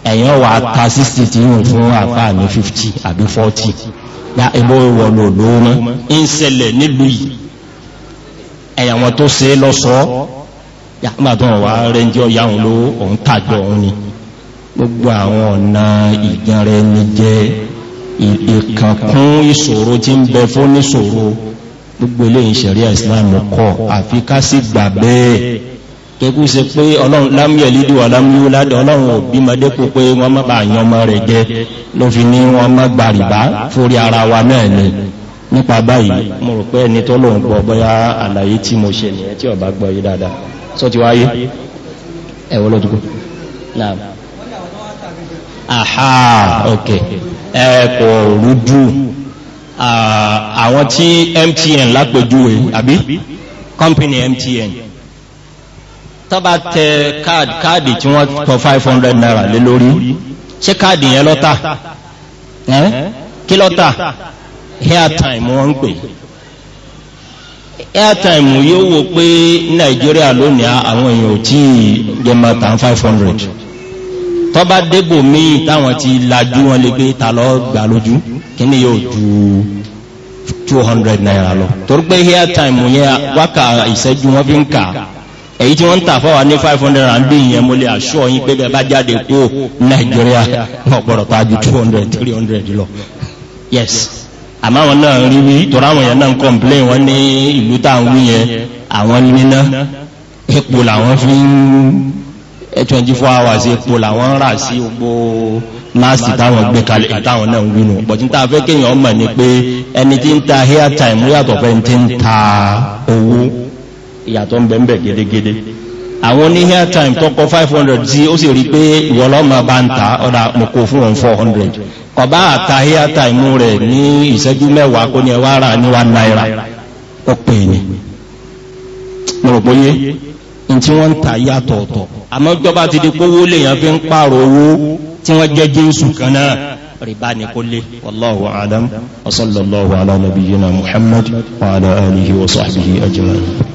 ẹ̀yin wà ta 60 tí yíò fún àfá ní 50 àbí 40 ya ẹgbọ́ ìwọ̀n olóòmọ́ ń ṣẹlẹ̀ nílùú yìí ẹ̀yà wọn tó ṣe lọ́sọ́ ya gbàtọ̀ wà rẹ́njọ́ yáhùn ló òun tàjọ òun ni gbogbo àwọn ọ̀nà ìjẹrẹ ní jẹ ìkànkún ìṣòro tí ń bẹ fún níṣòro gbogbo eléyìí ṣẹ̀ríà Islam kọ̀ àfi ká sì gbà bẹ́ẹ̀ kékú ṣe pé ọlọ́run lámúyẹ̀lídì wà lámúyẹ̀ládì ọlọ́run òbí mọ́dékù pé wọ́n má bàa yan ọmọ rẹ̀ jẹ ló fi ní wọ́n má gbàrìbá fórí ara wa náà ni nípa báyìí mo rò pé ẹni tó gbọ́ bóyá àlàyé tí mo ṣe nìyẹn tí ọba gbọ́ yìí dáadáa sọ ti wáyé ẹ̀wọ́ lọ́dún kù aha ok ẹ kò rújú àwọn tí MTN lápèjúwe àbí company MTN. Yeah tọ́ba tẹ káàdì káàdì tí wọ́n kọ five hundred naira lé lórí ṣé káàdì yẹn lọ́ta kí lọ́ta airtime wọ́n ń pè airtime yóò wò pé nàìjíríà lónìí àwọn èèyàn ò tí ì jẹ máa tàn five hundred tọ́ba débò míì táwọn ti lajú wọn lè gbé ta lọ gbà lójú kí ni yóò ju two hundred naira lọ torí pé airtime yẹn wákà ìṣẹ́jú wọn fi ń kà á èyí tí wọ́n ń tà fọ́wà ní 500 rand bí ìyẹn mo lè àṣọ yín pé bẹ́ẹ̀ bá jáde kó nàìjíríà wọ́n gbọ́dọ̀ ta ju 200 300 lọ yes àmọ́ àwọn náà rí wí tọ́ra àwọn yẹn náà ń complain wọ́n ní ìlú táwọn yẹn àwọn níná epo làwọn fi ń 24 eh, hours epo làwọn rà sí gbogbo máàsì táwọn gbé kalẹ̀ ìtàwọn náà ń wínú bọ̀tí ń ta fẹ́ kéèyàn mọ̀ ni pé ẹni tí ń ta hair time yàtọ̀ fẹ́ ti ń ta owó ìyàtọ̀ ń bẹ̀m̀bẹ̀ gédégédé àwọn ní hair time tọ́kọ 500 tí ó sì rí pé ìwọ̀lọ́mà bá ń ta ọ̀dà mọ̀kò fún wọn 400 kọ̀bá àta hair time rẹ̀ ní ìṣẹ́jú mẹ́wàá kó ní ẹwà rà ní 1 naira ó pè ní mọ̀rọ̀pọ̀yé ní tí wọ́n ń ta yàtọ̀ àmọ́ jọba ti di kówó lèèyàn fi ń pààrọ̀ owó tí wọ́n jẹ́ jésù kan náà rìbá ní kó lé wallahu a'lam wa sallallahu ala nabiyyina muhammad wa ala alihi wa sahbihi ajma'in